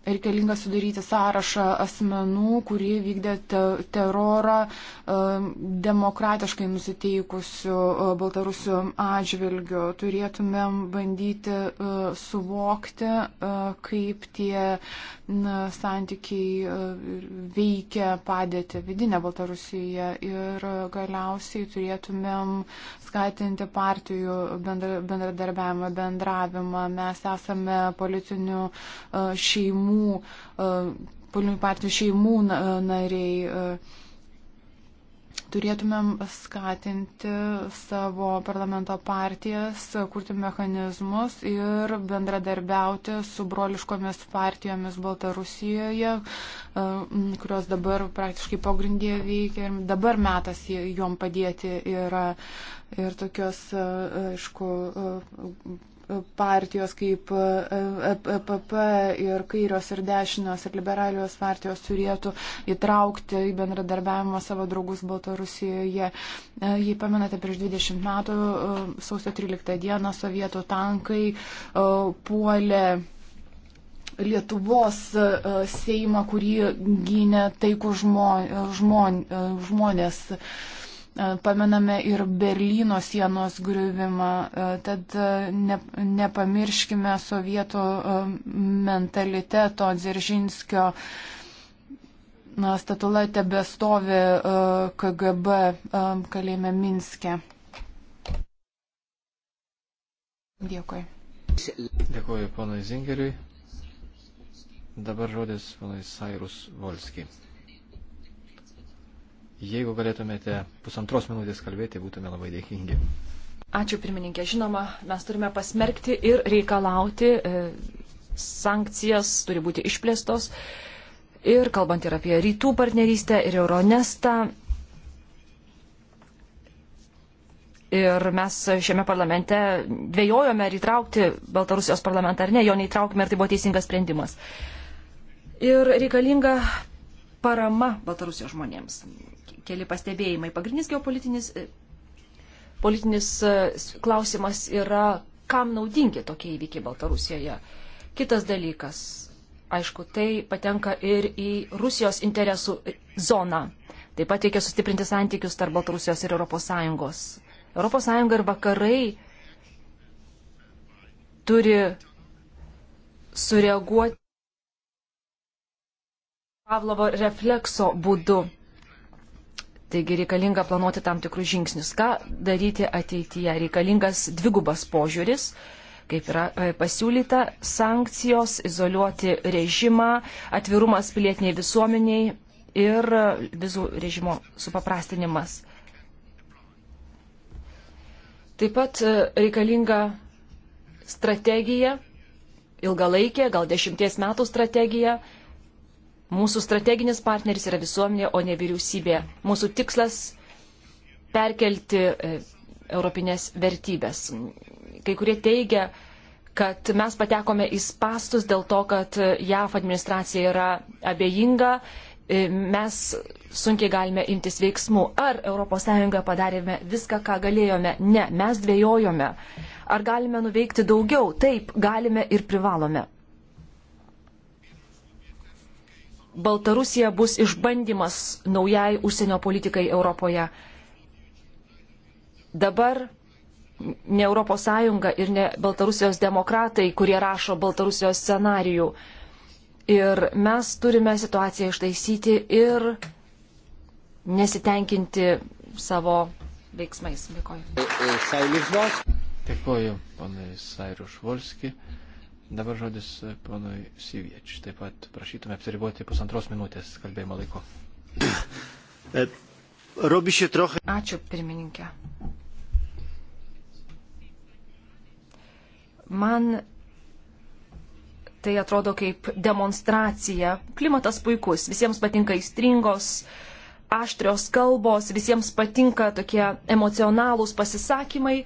reikalinga sudaryti sąrašą asmenų, kurie vykdė te terorą e, demokratiškai nusiteikusių e, Baltarusių atžvilgių. Turėtumėm bandyti e, suvokti, kaip tie santykiai veikia padėti vidinę Baltarusijoje ir galiausiai turėtumėm skatinti partijų bendradarbiavimą, bendravimą. Mes esame politinių šeimų šeimų, e, politinių partijų šeimų e, nariai. E, turėtumėm skatinti savo parlamento partijas, kurti mechanizmus ir bendradarbiauti su broliškomis partijomis Baltarusijoje, kurios dabar praktiškai pogrindėje veikia ir dabar metas jom padėti yra ir tokios, aišku, partijos kaip EPP e, e, e, ir kairios ir dešinios ir liberalios partijos turėtų įtraukti į bendradarbiavimą savo draugus Baltarusijoje. Jei pamenate, prieš 20 metų sausio 13 dieną sovietų tankai puolė Lietuvos Seimą, kurį gynė taikų žmonės. žmonės Pamename ir Berlyno sienos griuvimą, tad ne, nepamirškime sovietų mentaliteto Dzeržinskio statula tebestovi KGB kalėjime Minske. Dėkui. Dėkuoju ponui Zingeriui. Dabar žodis ponui Sairus Volskiai. Jeigu galėtumėte pusantros minutės kalbėti, būtume labai dėkingi. Ačiū pirmininkė. Žinoma, mes turime pasmerkti ir reikalauti e, sankcijas, turi būti išplėstos. Ir kalbant ir apie rytų partnerystę ir Euronestą, Ir mes šiame parlamente dvėjojome, ar įtraukti Baltarusijos parlamentą ar ne, jo neįtraukime, ar tai buvo teisingas sprendimas. Ir reikalinga parama Baltarusijos žmonėms. Keli pastebėjimai. Pagrindinis geopolitinis e, politinis e, klausimas yra, kam naudingi tokie įvykiai Baltarusijoje. Kitas dalykas, aišku, tai patenka ir į Rusijos interesų e, zoną. Taip pat reikia sustiprinti santykius tarp Baltarusijos ir ES. ES ir vakarai turi sureaguoti Pavlovo reflekso būdu. Taigi reikalinga planuoti tam tikrus žingsnius. Ką daryti ateityje? Reikalingas dvigubas požiūris, kaip yra e, pasiūlyta, sankcijos, izoliuoti režimą, atvirumas pilietiniai visuomeniai ir vizų režimo supaprastinimas. Taip pat e, reikalinga strategija, ilgalaikė, gal dešimties metų strategija Mūsų strateginis partneris yra visuomenė, o ne vyriausybė. Mūsų tikslas - perkelti e, europinės vertybės. Kai kurie teigia, kad mes patekome į spastus dėl to, kad JAF administracija yra abejinga, e, mes sunkiai galime imtis veiksmų. Ar ES padarėme viską, ką galėjome? Ne, mes dvėjojome. Ar galime nuveikti daugiau? Taip, galime ir privalome. Baltarusija bus išbandymas naujai užsienio politikai Europoje. Dabar ne ES ir ne Baltarusijos demokratai, kurie rašo Baltarusijos scenarijų. Ir mes turime situaciją ištaisyti ir nesitenkinti savo veiksmais. Dėkoju. Dėkoju, panai Sairus Volski. Dabar žodis e, ponui Sivieč. Taip pat prašytume apsiriboti pusantros minutės kalbėjimo laiko. E, Robišė trochę. Ačiū, pirmininkė. Man tai atrodo kaip demonstracija. Klimatas puikus, visiems patinka įstringos, aštrios kalbos, visiems patinka tokie emocionalūs pasisakymai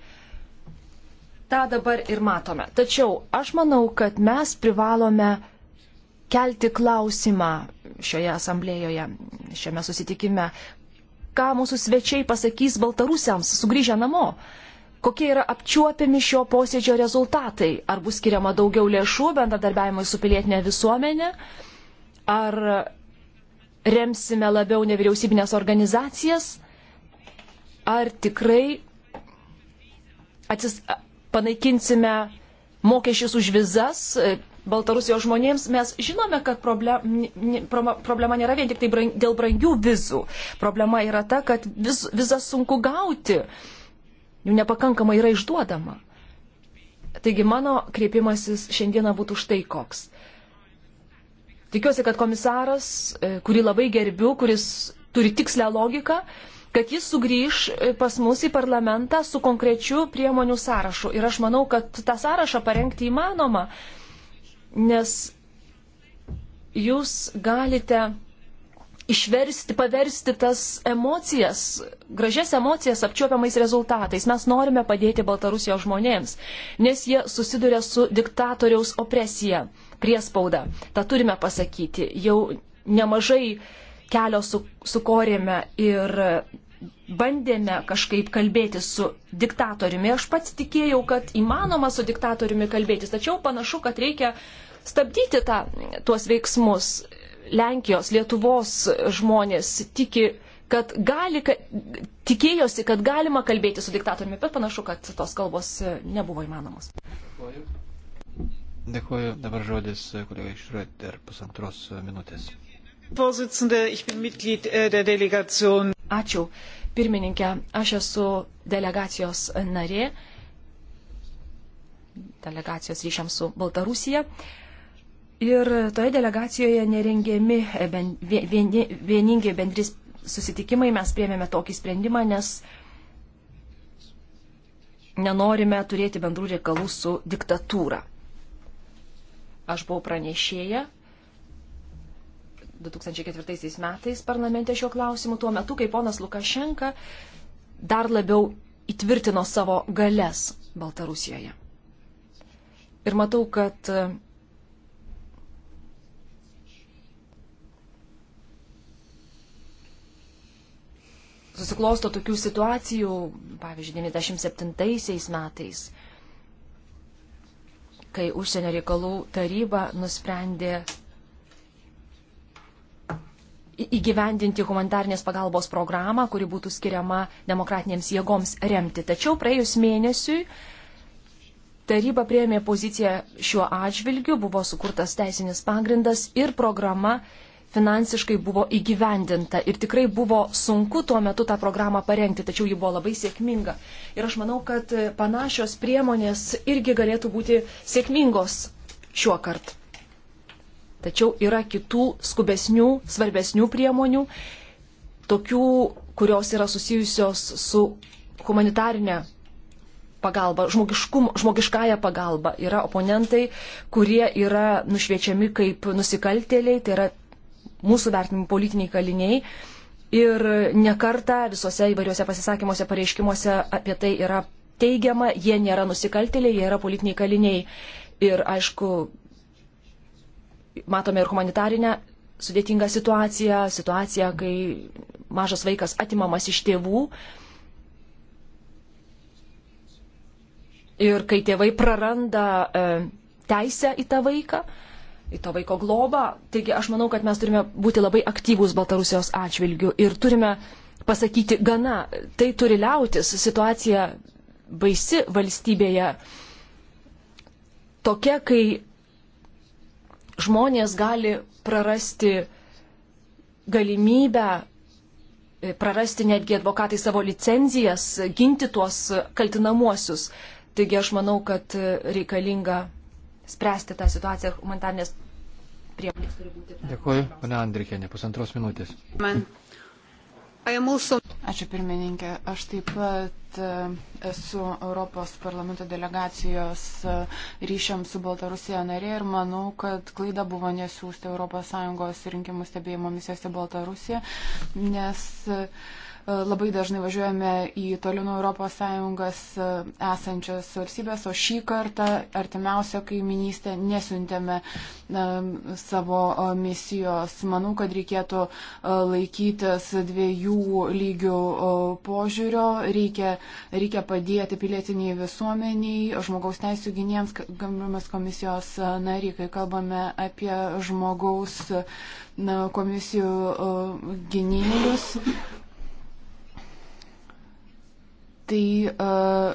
tą dabar ir matome. Tačiau aš manau, kad mes privalome kelti klausimą šioje asamblėjoje, šiame susitikime, ką mūsų svečiai pasakys baltarusiams sugrįžę namo. Kokie yra apčiuopiami šio posėdžio rezultatai? Ar bus skiriama daugiau lėšų bendradarbiavimui su pilietinė visuomenė? Ar remsime labiau nevyriausybinės organizacijas? Ar tikrai atsis, panaikinsime mokesčius už vizas e, Baltarusijos žmonėms, mes žinome, kad problema, problema nėra vien tik tai brang, dėl brangių vizų. Problema yra ta, kad viz, vizas sunku gauti, jų nepakankamai yra išduodama. Taigi mano kreipimasis šiandieną būtų štai koks. Tikiuosi, kad komisaras, e, kurį labai gerbiu, kuris turi tikslę logiką, kad jis sugrįž e, pas mus į parlamentą su konkrečiu priemonių sąrašu. Ir aš manau, kad tą sąrašą parengti įmanoma, nes jūs galite išversti, paversti tas emocijas, gražias emocijas apčiuopiamais rezultatais. Mes norime padėti Baltarusijos žmonėms, nes jie susiduria su diktatoriaus opresija, priespauda. Ta turime pasakyti. Jau nemažai kelio su, sukorėme ir bandėme kažkaip kalbėti su diktatoriumi. Aš pats tikėjau, kad įmanoma su diktatoriumi kalbėtis, tačiau panašu, kad reikia stabdyti tą, tuos veiksmus. Lenkijos, Lietuvos žmonės tiki, kad gali, kad, tikėjosi, kad galima kalbėti su diktatoriumi, bet panašu, kad tos kalbos e, nebuvo įmanomos. Dėkuoju. Dėkuoju. Dabar žodis e, kolega Išrėt ir pusantros minutės. Vorsitzende, ich bin Mitglied äh, der Delegation Ačiū. Pirmininkė, aš esu delegacijos narė, delegacijos ryšiams su Baltarusija. Ir toje delegacijoje nerengiami ben, vieni, vieningi bendri susitikimai, mes priemėme tokį sprendimą, nes nenorime turėti bendrų reikalų su diktatūra. Aš buvau pranešėja 2004 metais parlamente šiuo klausimu, tuo metu, kai ponas Lukašenka dar labiau įtvirtino savo galias Baltarusijoje. Ir matau, kad susiklosto tokių situacijų, pavyzdžiui, 97 metais, kai užsienio reikalų taryba nusprendė įgyvendinti humanitarnės pagalbos programą, kuri būtų skiriama demokratinėms jėgoms remti. Tačiau praėjus mėnesiui taryba prieėmė poziciją šiuo atžvilgiu, buvo sukurtas teisinis pagrindas ir programa finansiškai buvo įgyvendinta. Ir tikrai buvo sunku tuo metu tą programą parengti, tačiau ji buvo labai sėkminga. Ir aš manau, kad panašios priemonės irgi galėtų būti sėkmingos šiuo kartu. Tačiau yra kitų skubesnių, svarbesnių priemonių, tokių, kurios yra susijusios su humanitarinė pagalba, žmogiškąją pagalbą. Yra oponentai, kurie yra nušviečiami kaip nusikaltėliai, tai yra mūsų vertinimi politiniai kaliniai. Ir nekarta visose įvairiuose pasisakymuose, pareiškimuose apie tai yra teigiama, jie nėra nusikaltėliai, jie yra politiniai kaliniai. Ir aišku, matome ir humanitarinę sudėtingą situaciją, situaciją, kai mažas vaikas atimamas iš tėvų. Ir kai tėvai praranda e, teisę į tą vaiką, į to vaiko globą, taigi aš manau, kad mes turime būti labai aktyvūs Baltarusijos atžvilgių ir turime pasakyti gana, tai turi liautis, situacija baisi valstybėje, tokia, kai žmonės gali prarasti galimybę, e, prarasti netgi advokatai savo licenzijas, ginti tuos kaltinamuosius. Taigi aš manau, kad e, reikalinga spręsti tą situaciją humanitarnės priemonės turi būti. Dėkuoju, pane Andrikėne, pusantros minutės. Man also... Ačiū pirmininkė. Aš taip pat e, esu Europos parlamento delegacijos e, ryšiam su Baltarusija narė ir manau, kad klaida buvo nesiųsti ES rinkimų stebėjimo misijos į Baltarusiją, nes uh, labai dažnai važiuojame į toliau nuo ES e, esančias valstybės, o šį kartą artimiausią kaiminystę nesintėme e, savo e, misijos. Manau, kad reikėtų laikytis dviejų lygių požiūrio. Reikia, reikia padėti pilietiniai visuomeniai, žmogaus teisų gynėjams, gamrimas komisijos nariai, kai kalbame apie žmogaus komisijų gynėjus Tai uh,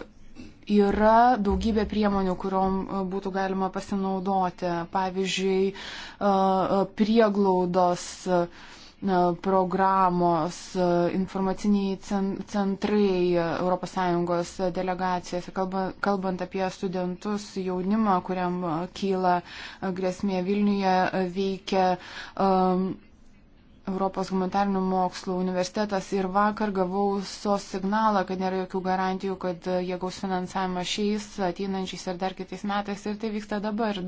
yra daugybė priemonių, kuriuom e, būtų galima pasinaudoti. Pavyzdžiui, uh, prieglaudos. Uh, programos, informaciniai centrai ES delegacijose, kalbant apie studentus, jaunimą, kuriam kyla grėsmė Vilniuje, veikia Europos humanitarinių mokslų universitetas ir vakar gavau sos signalą, kad nėra jokių garantijų, kad e, jie gaus finansavimą šiais, ateinančiais ir dar kitais metais ir tai vyksta dabar.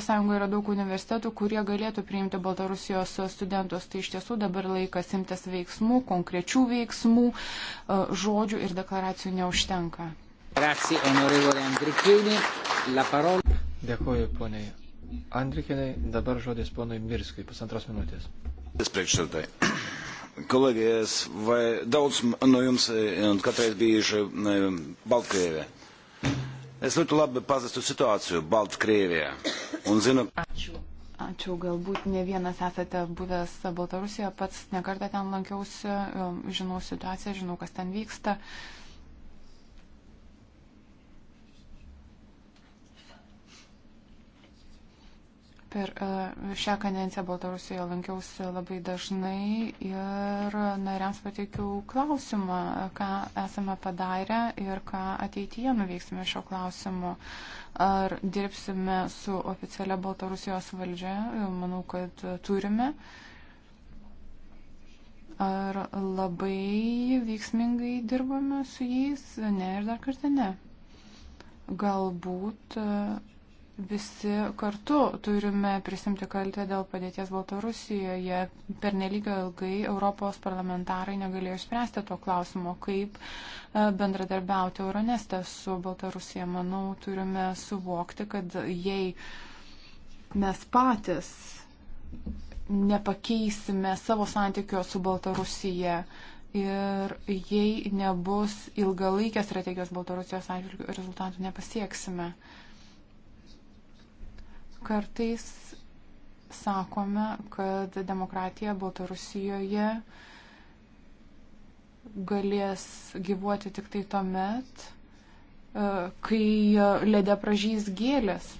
ES yra daug universitetų, kurie galėtų priimti Baltarusijos studentus. Tai iš tiesų dabar laikas imtis veiksmų, konkrečių veiksmų, e, žodžių ir deklaracijų neužtenka. Dėkuoju, poniai Andrikinai. Dabar žodis ponui Mirskui, pusantros minutės. Kolēģi, vai daudz no jums, un katrais bijuši Baltkrievijā, es ļoti labi pazīstu situāciju Baltkrievijā un zinu. Ačiū. Ačiū, galbūt ne vienas esate buvęs Baltarusijoje, pats nekartą ten lankiausi, žinau situaciją, žinau, kas ten vyksta. Uh, Per e, šią kadenciją Baltarusijoje lankiausi labai dažnai ir nariams pateikiau klausimą, ką esame padarę ir ką ateityje nuveiksime šio klausimu. Ar dirbsime su oficialia Baltarusijos valdžia? Manau, kad turime. Ar labai veiksmingai dirbame su jais? Ne ir dar kartą ne. Galbūt visi kartu turime prisimti kaltę dėl padėties Baltarusijoje. Per neligą ilgai Europos parlamentarai negalėjo išspręsti to klausimo, kaip e, bendradarbiauti Euronestę su Baltarusija. Manau, turime suvokti, kad jei mes patys nepakeisime savo santykio su Baltarusija, ir jei nebus ilgalaikės strategijos Baltarusijos atžvilgių, rezultatų nepasieksime. Kartais sakome, kad demokratija Baltarusijoje galės gyvuoti tik tai tuo met, e, kai e, lede pražys gėlės.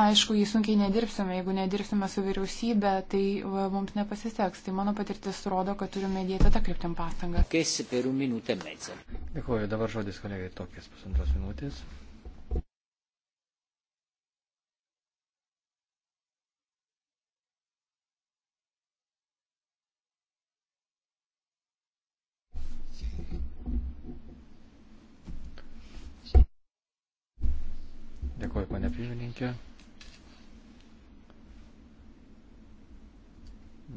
Aišku, jį sunkiai nedirbsime. Jeigu nedirbsime su vyriausybė, tai va, mums nepasiseks. Tai mano patirtis rodo, kad turime dėti tą kryptim pastangą. E Dėkuoju, dabar žodis kolegai tokias pusantros minutės. Dėkuoju, pane pirmininkė.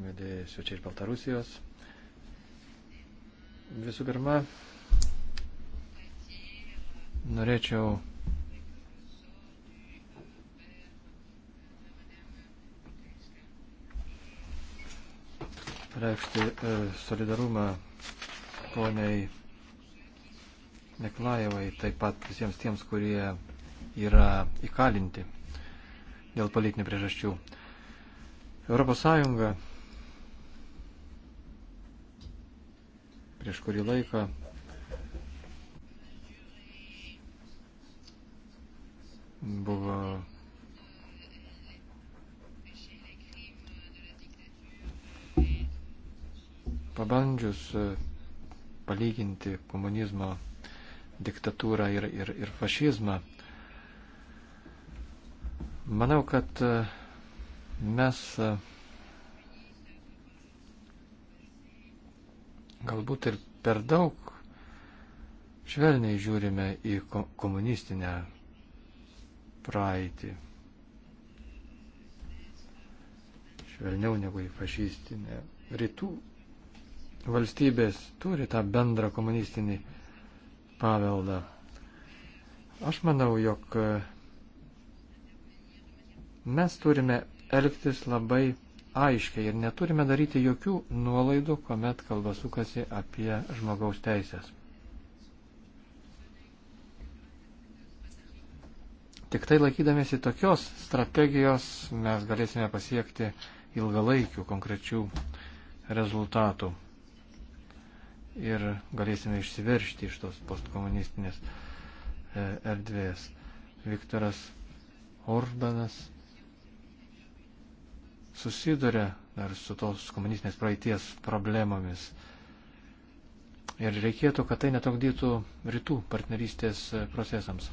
mėdėjai svečiai iš Baltarusijos. Visų pirma, norėčiau reikšti e, solidarumą poniai Neklajevai, taip pat visiems tiems, kurie yra įkalinti dėl politinių priežasčių. Europos Sąjunga prieš kurį laiką buvo pabandžius e, palyginti komunizmo diktatūrą ir, ir, ir fašizmą. Manau, kad e, mes e, galbūt ir per daug švelniai žiūrime į komunistinę praeitį. Švelniau negu į fašistinę. Rytų valstybės turi tą bendrą komunistinį paveldą. Aš manau, jog mes turime elgtis labai aiškiai ir neturime daryti jokių nuolaidų, kuomet kalba sukasi apie žmogaus teisės. Tik tai laikydamėsi tokios strategijos mes galėsime pasiekti ilgalaikių konkrečių rezultatų ir galėsime išsiveršti iš tos postkomunistinės e, erdvės. Viktoras Orbanas susiduria dar su tos komunistinės praeities problemomis. Ir reikėtų, kad tai netokdytų rytų partnerystės e, procesams.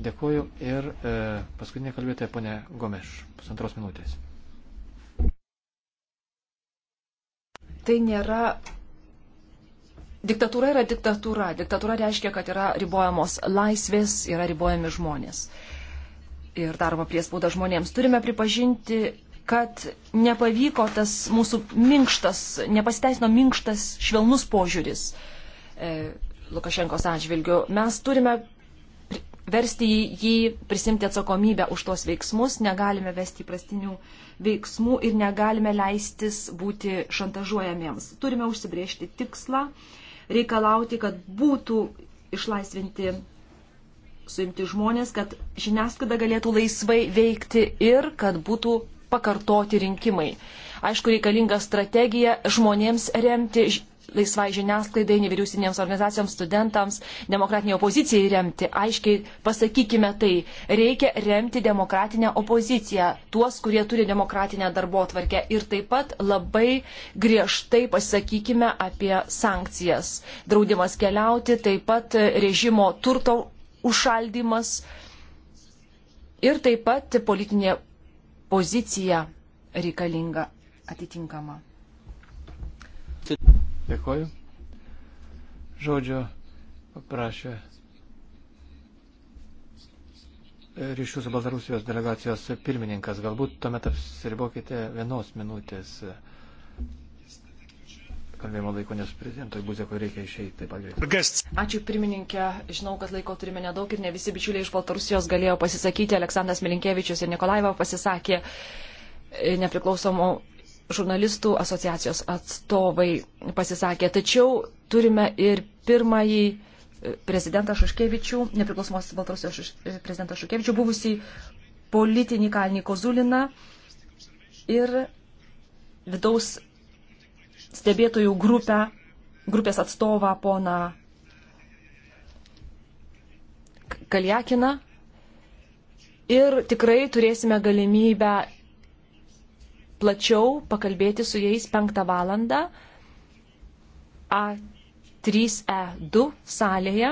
Dėkuoju ir e, paskutinė kalbėtoja ponė Gomeš, pusantros minutės. Tai nėra Diktatūra yra diktatūra. Diktatūra reiškia, kad yra ribojamos laisvės, yra ribojami žmonės. Ir daroma priespauda žmonėms. Turime pripažinti kad nepavyko tas mūsų minkštas, nepasiteisino minkštas, švelnus požiūris e, Lukašenkos atžvilgiu. Mes turime versti jį prisimti atsakomybę už tuos veiksmus, negalime vesti įprastinių veiksmų ir negalime leistis būti šantažuojamiems. Turime užsibriežti tikslą, reikalauti, kad būtų išlaisvinti suimti žmonės, kad žiniasklaida galėtų laisvai veikti ir kad būtų pakartoti rinkimai. Aišku, reikalinga strategija žmonėms remti, laisvai žiniasklaidai, nevyriausybinėms organizacijoms, studentams, demokratiniai opozicijai remti. Aiškiai pasakykime tai, reikia remti demokratinę opoziciją, tuos, kurie turi demokratinę darbo tvarkę. Ir taip pat labai griežtai pasakykime apie sankcijas. Draudimas keliauti, taip pat režimo turto užšaldymas. Ir taip pat politinė poziciją reikalingą atitinkamą. Dėkoju. Žodžio paprašė ryšių su Baltarusijos delegacijos pirmininkas. Galbūt tuomet apsiribokite vienos minutės kalbėjimo laiko, nes prezidentui Buzeko reikia išeiti taip pat greitai. Ačiū pirmininkė, žinau, kad laiko turime nedaug ir ne visi bičiuliai iš Baltarusijos galėjo pasisakyti, Aleksandras Milinkievičius ir Nikolaiva pasisakė e, nepriklausomų žurnalistų asociacijos atstovai pasisakė. Tačiau turime ir pirmąjį e, prezidentą Šuškevičių, nepriklausomos Baltarusijos šuš, e, prezidentą Šuškevičių, buvusį politinį kalinį Kozuliną ir vidaus stebėtojų grupę, grupės atstovą poną Kaljakiną ir tikrai turėsime galimybę plačiau pakalbėti su jais 5 valandą A3E2 salėje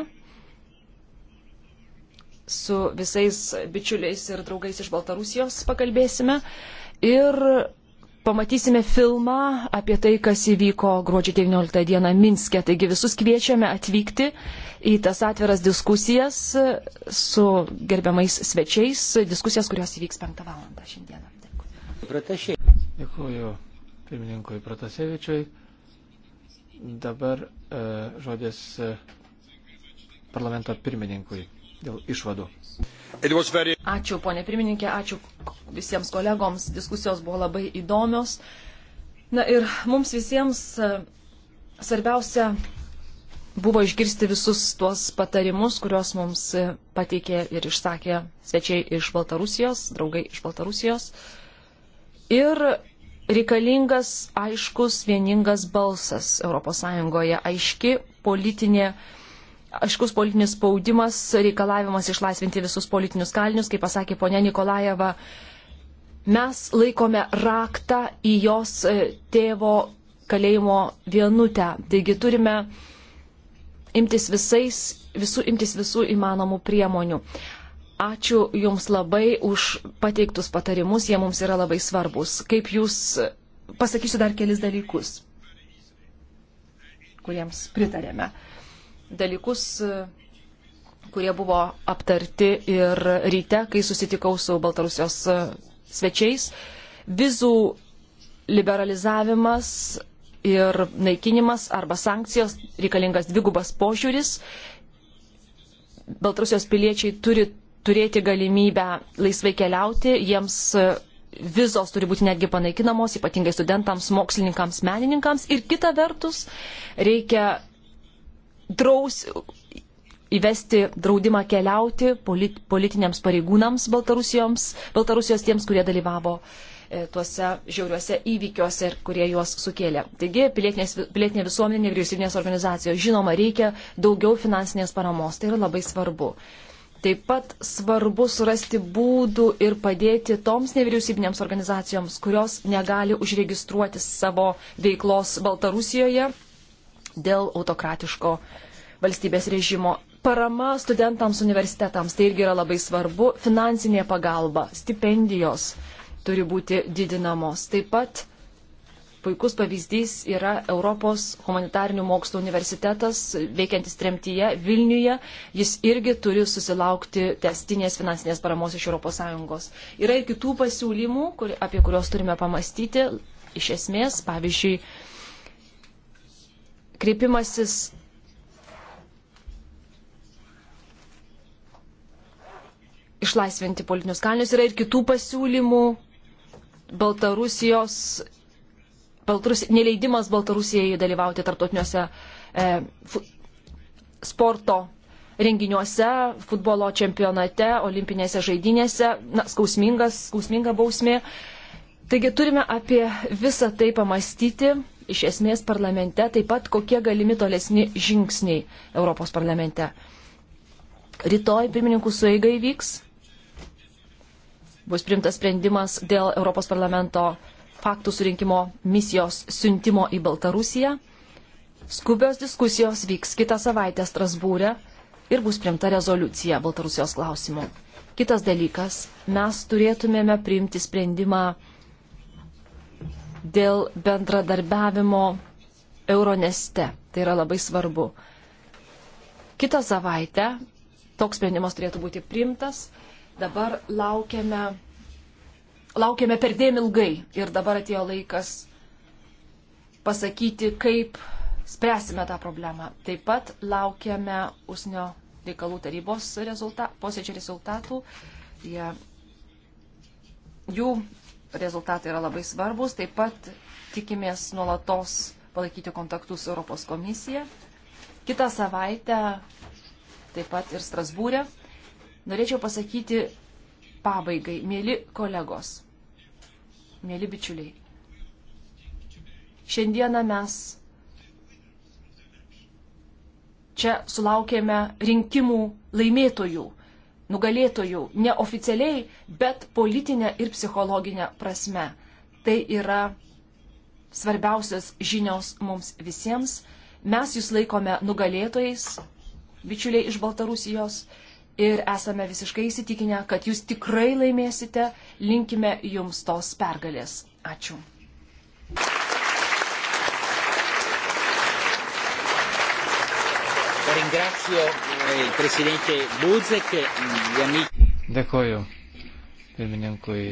su visais bičiuliais ir draugais iš Baltarusijos pakalbėsime. Ir pamatysime filmą apie tai, kas įvyko gruodžio 19 dieną Minske. Taigi visus kviečiame atvykti į tas atviras diskusijas su gerbiamais svečiais, diskusijas, kurios įvyks 5 val. šiandieną. Dėkui. Dėkuoju pirmininkui Protasevičiui. Dabar e, žodis e, parlamento pirmininkui dėl išvadų. Very... Ačiū, ponė pirmininkė, ačiū visiems kolegoms. Diskusijos buvo labai įdomios. Na ir mums visiems e, svarbiausia buvo išgirsti visus tuos patarimus, kuriuos mums e, pateikė ir išsakė svečiai iš Baltarusijos, draugai iš Baltarusijos. Ir reikalingas aiškus, vieningas balsas ES, aiški politinė politinė aiškus politinis spaudimas, reikalavimas išlaisvinti visus politinius kalinius, kaip pasakė ponia Nikolajeva, mes laikome raktą į jos e, tėvo kalėjimo vienutę. Taigi turime imtis visais, visų, imtis visų įmanomų priemonių. Ačiū Jums labai už pateiktus patarimus, jie mums yra labai svarbus. Kaip Jūs, e, pasakysiu dar kelis dalykus, kuriems pritarėme dalykus, kurie buvo aptarti ir ryte, kai susitikau su Baltarusijos e, svečiais. Vizų liberalizavimas ir naikinimas arba sankcijos reikalingas dvigubas požiūris. Baltarusijos piliečiai turi turėti galimybę laisvai keliauti, jiems e, vizos turi būti netgi panaikinamos, ypatingai studentams, mokslininkams, menininkams. Ir kita vertus, reikia draus įvesti draudimą keliauti polit, politiniams pareigūnams Baltarusijos tiems, kurie dalyvavo e, tuose žiauriuose įvykiuose ir kurie juos sukėlė. Taigi pilietinė visuomenė, nevyriausybinės organizacijos, žinoma, reikia daugiau finansinės paramos, tai yra labai svarbu. Taip pat svarbu surasti būdų ir padėti toms nevyriausybinėms organizacijoms, kurios negali užregistruoti savo veiklos Baltarusijoje dėl autokratiško valstybės režimo. Parama studentams universitetams tai irgi yra labai svarbu. Finansinė pagalba, stipendijos turi būti didinamos. Taip pat puikus pavyzdys yra Europos humanitarinių mokslų universitetas, veikiantis tremtyje Vilniuje. Jis irgi turi susilaukti testinės finansinės paramos iš ES. Yra ir kitų pasiūlymų, kur, apie kuriuos turime pamastyti. Iš esmės, pavyzdžiui, kreipimasis išlaisvinti politinius kalnius. Yra ir kitų pasiūlymų. Baltarusijos, Baltarus, neleidimas Baltarusijai dalyvauti tarptautiniuose e, fu, sporto renginiuose, futbolo čempionate, olimpinėse žaidynėse. Na, skausmingas, skausminga bausmė. Taigi turime apie visą tai pamastyti iš esmės parlamente, taip pat kokie galimi tolesni žingsniai Europos parlamente. Rytoj pirmininkų sueiga įvyks, bus primtas sprendimas dėl Europos parlamento faktų surinkimo misijos siuntimo į Baltarusiją. Skubios diskusijos vyks kitą savaitę Strasbūrė ir bus primta rezoliucija Baltarusijos klausimu. Kitas dalykas, mes turėtumėme priimti sprendimą dėl bendradarbiavimo Euroneste. Tai yra labai svarbu. Kitą savaitę toks sprendimas turėtų būti priimtas. Dabar laukiame, laukiame per dėm ilgai ir dabar atėjo laikas pasakyti, kaip spręsime tą problemą. Taip pat laukiame užsienio reikalų tarybos rezulta, posėdžio rezultatų. Jie, jų rezultatai yra labai svarbus. Taip pat tikimės nuolatos palaikyti kontaktus su Europos komisija. Kitą savaitę, taip pat ir Strasbūrė, norėčiau pasakyti pabaigai, mėly kolegos, mėly bičiuliai. Šiandieną mes čia sulaukėme rinkimų laimėtojų nugalėtojų neoficialiai, bet politinė ir psichologinė prasme. Tai yra svarbiausios žinios mums visiems. Mes jūs laikome nugalėtojais, bičiuliai iš Baltarusijos, ir esame visiškai įsitikinę, kad jūs tikrai laimėsite. Linkime jums tos pergalės. Ačiū. Ringrazio eh, prezidentė Buzek. Eh, dėkoju pirmininkui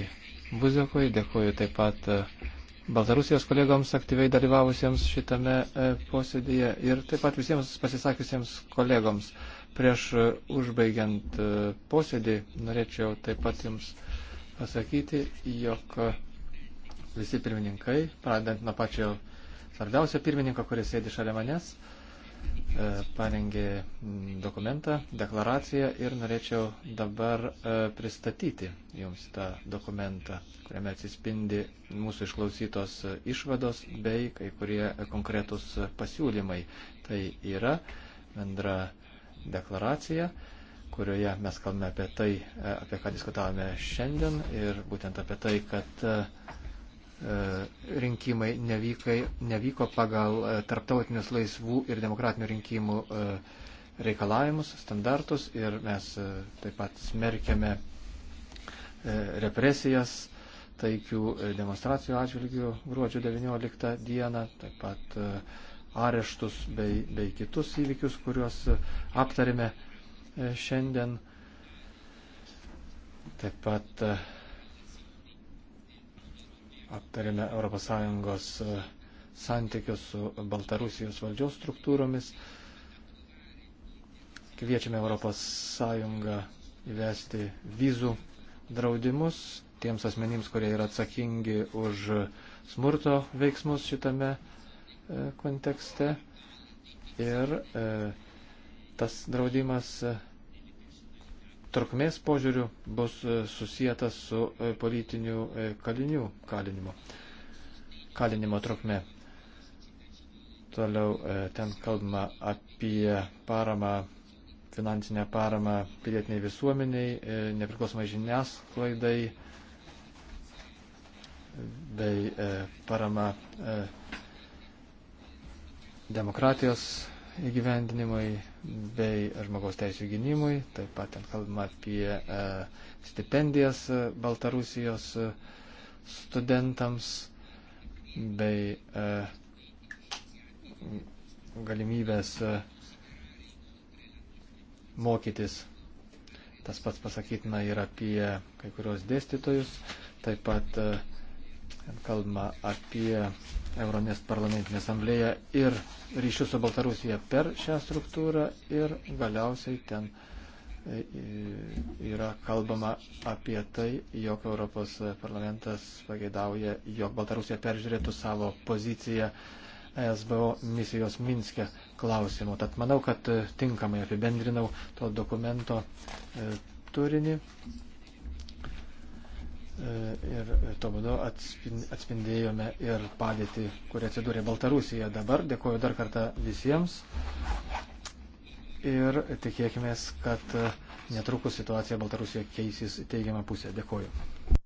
Buzekui, dėkoju taip pat eh, Baltarusijos kolegoms aktyviai dalyvavusiems šitame posėdėje ir taip pat visiems pasisakiusiems kolegoms. Prieš užbaigiant posėdį norėčiau taip pat Jums pasakyti, jog visi pirmininkai, pradedant nuo pačio svarbiausio pirmininko, kuris sėdi šalia manęs, E, parengė dokumentą, deklaraciją ir norėčiau dabar e, pristatyti jums tą dokumentą, kuriame atsispindi mūsų išklausytos išvados bei kai kurie konkretus pasiūlymai. Tai yra bendra deklaracija, kurioje mes kalbame apie tai, e, apie ką diskutavome šiandien ir būtent apie tai, kad E, rinkimai nevykai, nevyko pagal e, tarptautinius laisvų ir demokratinių rinkimų e, reikalavimus, standartus ir mes taip pat smerkiame represijas taikių demonstracijų atžvilgių gruodžio 19 dieną, taip pat areštus bei, bei kitus įvykius, kuriuos aptarėme šiandien. Taip pat uh, aptarėme ES e, santykius su Baltarusijos valdžios struktūromis. Kviečiame ES įvesti vizų draudimus tiems asmenims, kurie yra atsakingi už smurto veiksmus šitame e, kontekste. Ir e, tas draudimas e, trukmės požiūrių bus e, susijęs su e, politinių e, kalinių kalinimu. Kalinimo trukme. Toliau ten kalbama apie paramą, finansinę paramą pilietiniai visuomeniai, nepriklausomai žiniasklaidai bei parama demokratijos įgyvendinimui bei žmogaus teisų gynimui. Taip pat ten kalbama apie e, stipendijas e, Baltarusijos e, studentams bei galimybės mokytis. Tas pats pasakytina ir apie kai kurios dėstytojus. Taip pat kalbama apie Euronės parlamentinė asamblėja ir ryšių su Baltarusija per šią struktūrą ir galiausiai ten e, yra kalbama apie tai, jog Europos parlamentas pageidauja, jog Baltarusija peržiūrėtų savo poziciją ESBO misijos Minske klausimu. Tad manau, kad tinkamai apibendrinau to dokumento e, turinį ir to būdu atspindėjome ir padėtį, kurie atsidūrė Baltarusija dabar. Dėkuoju dar kartą visiems ir tikėkime, kad netrukus situacija Baltarusijoje keisys teigiamą pusę. Dėkuoju.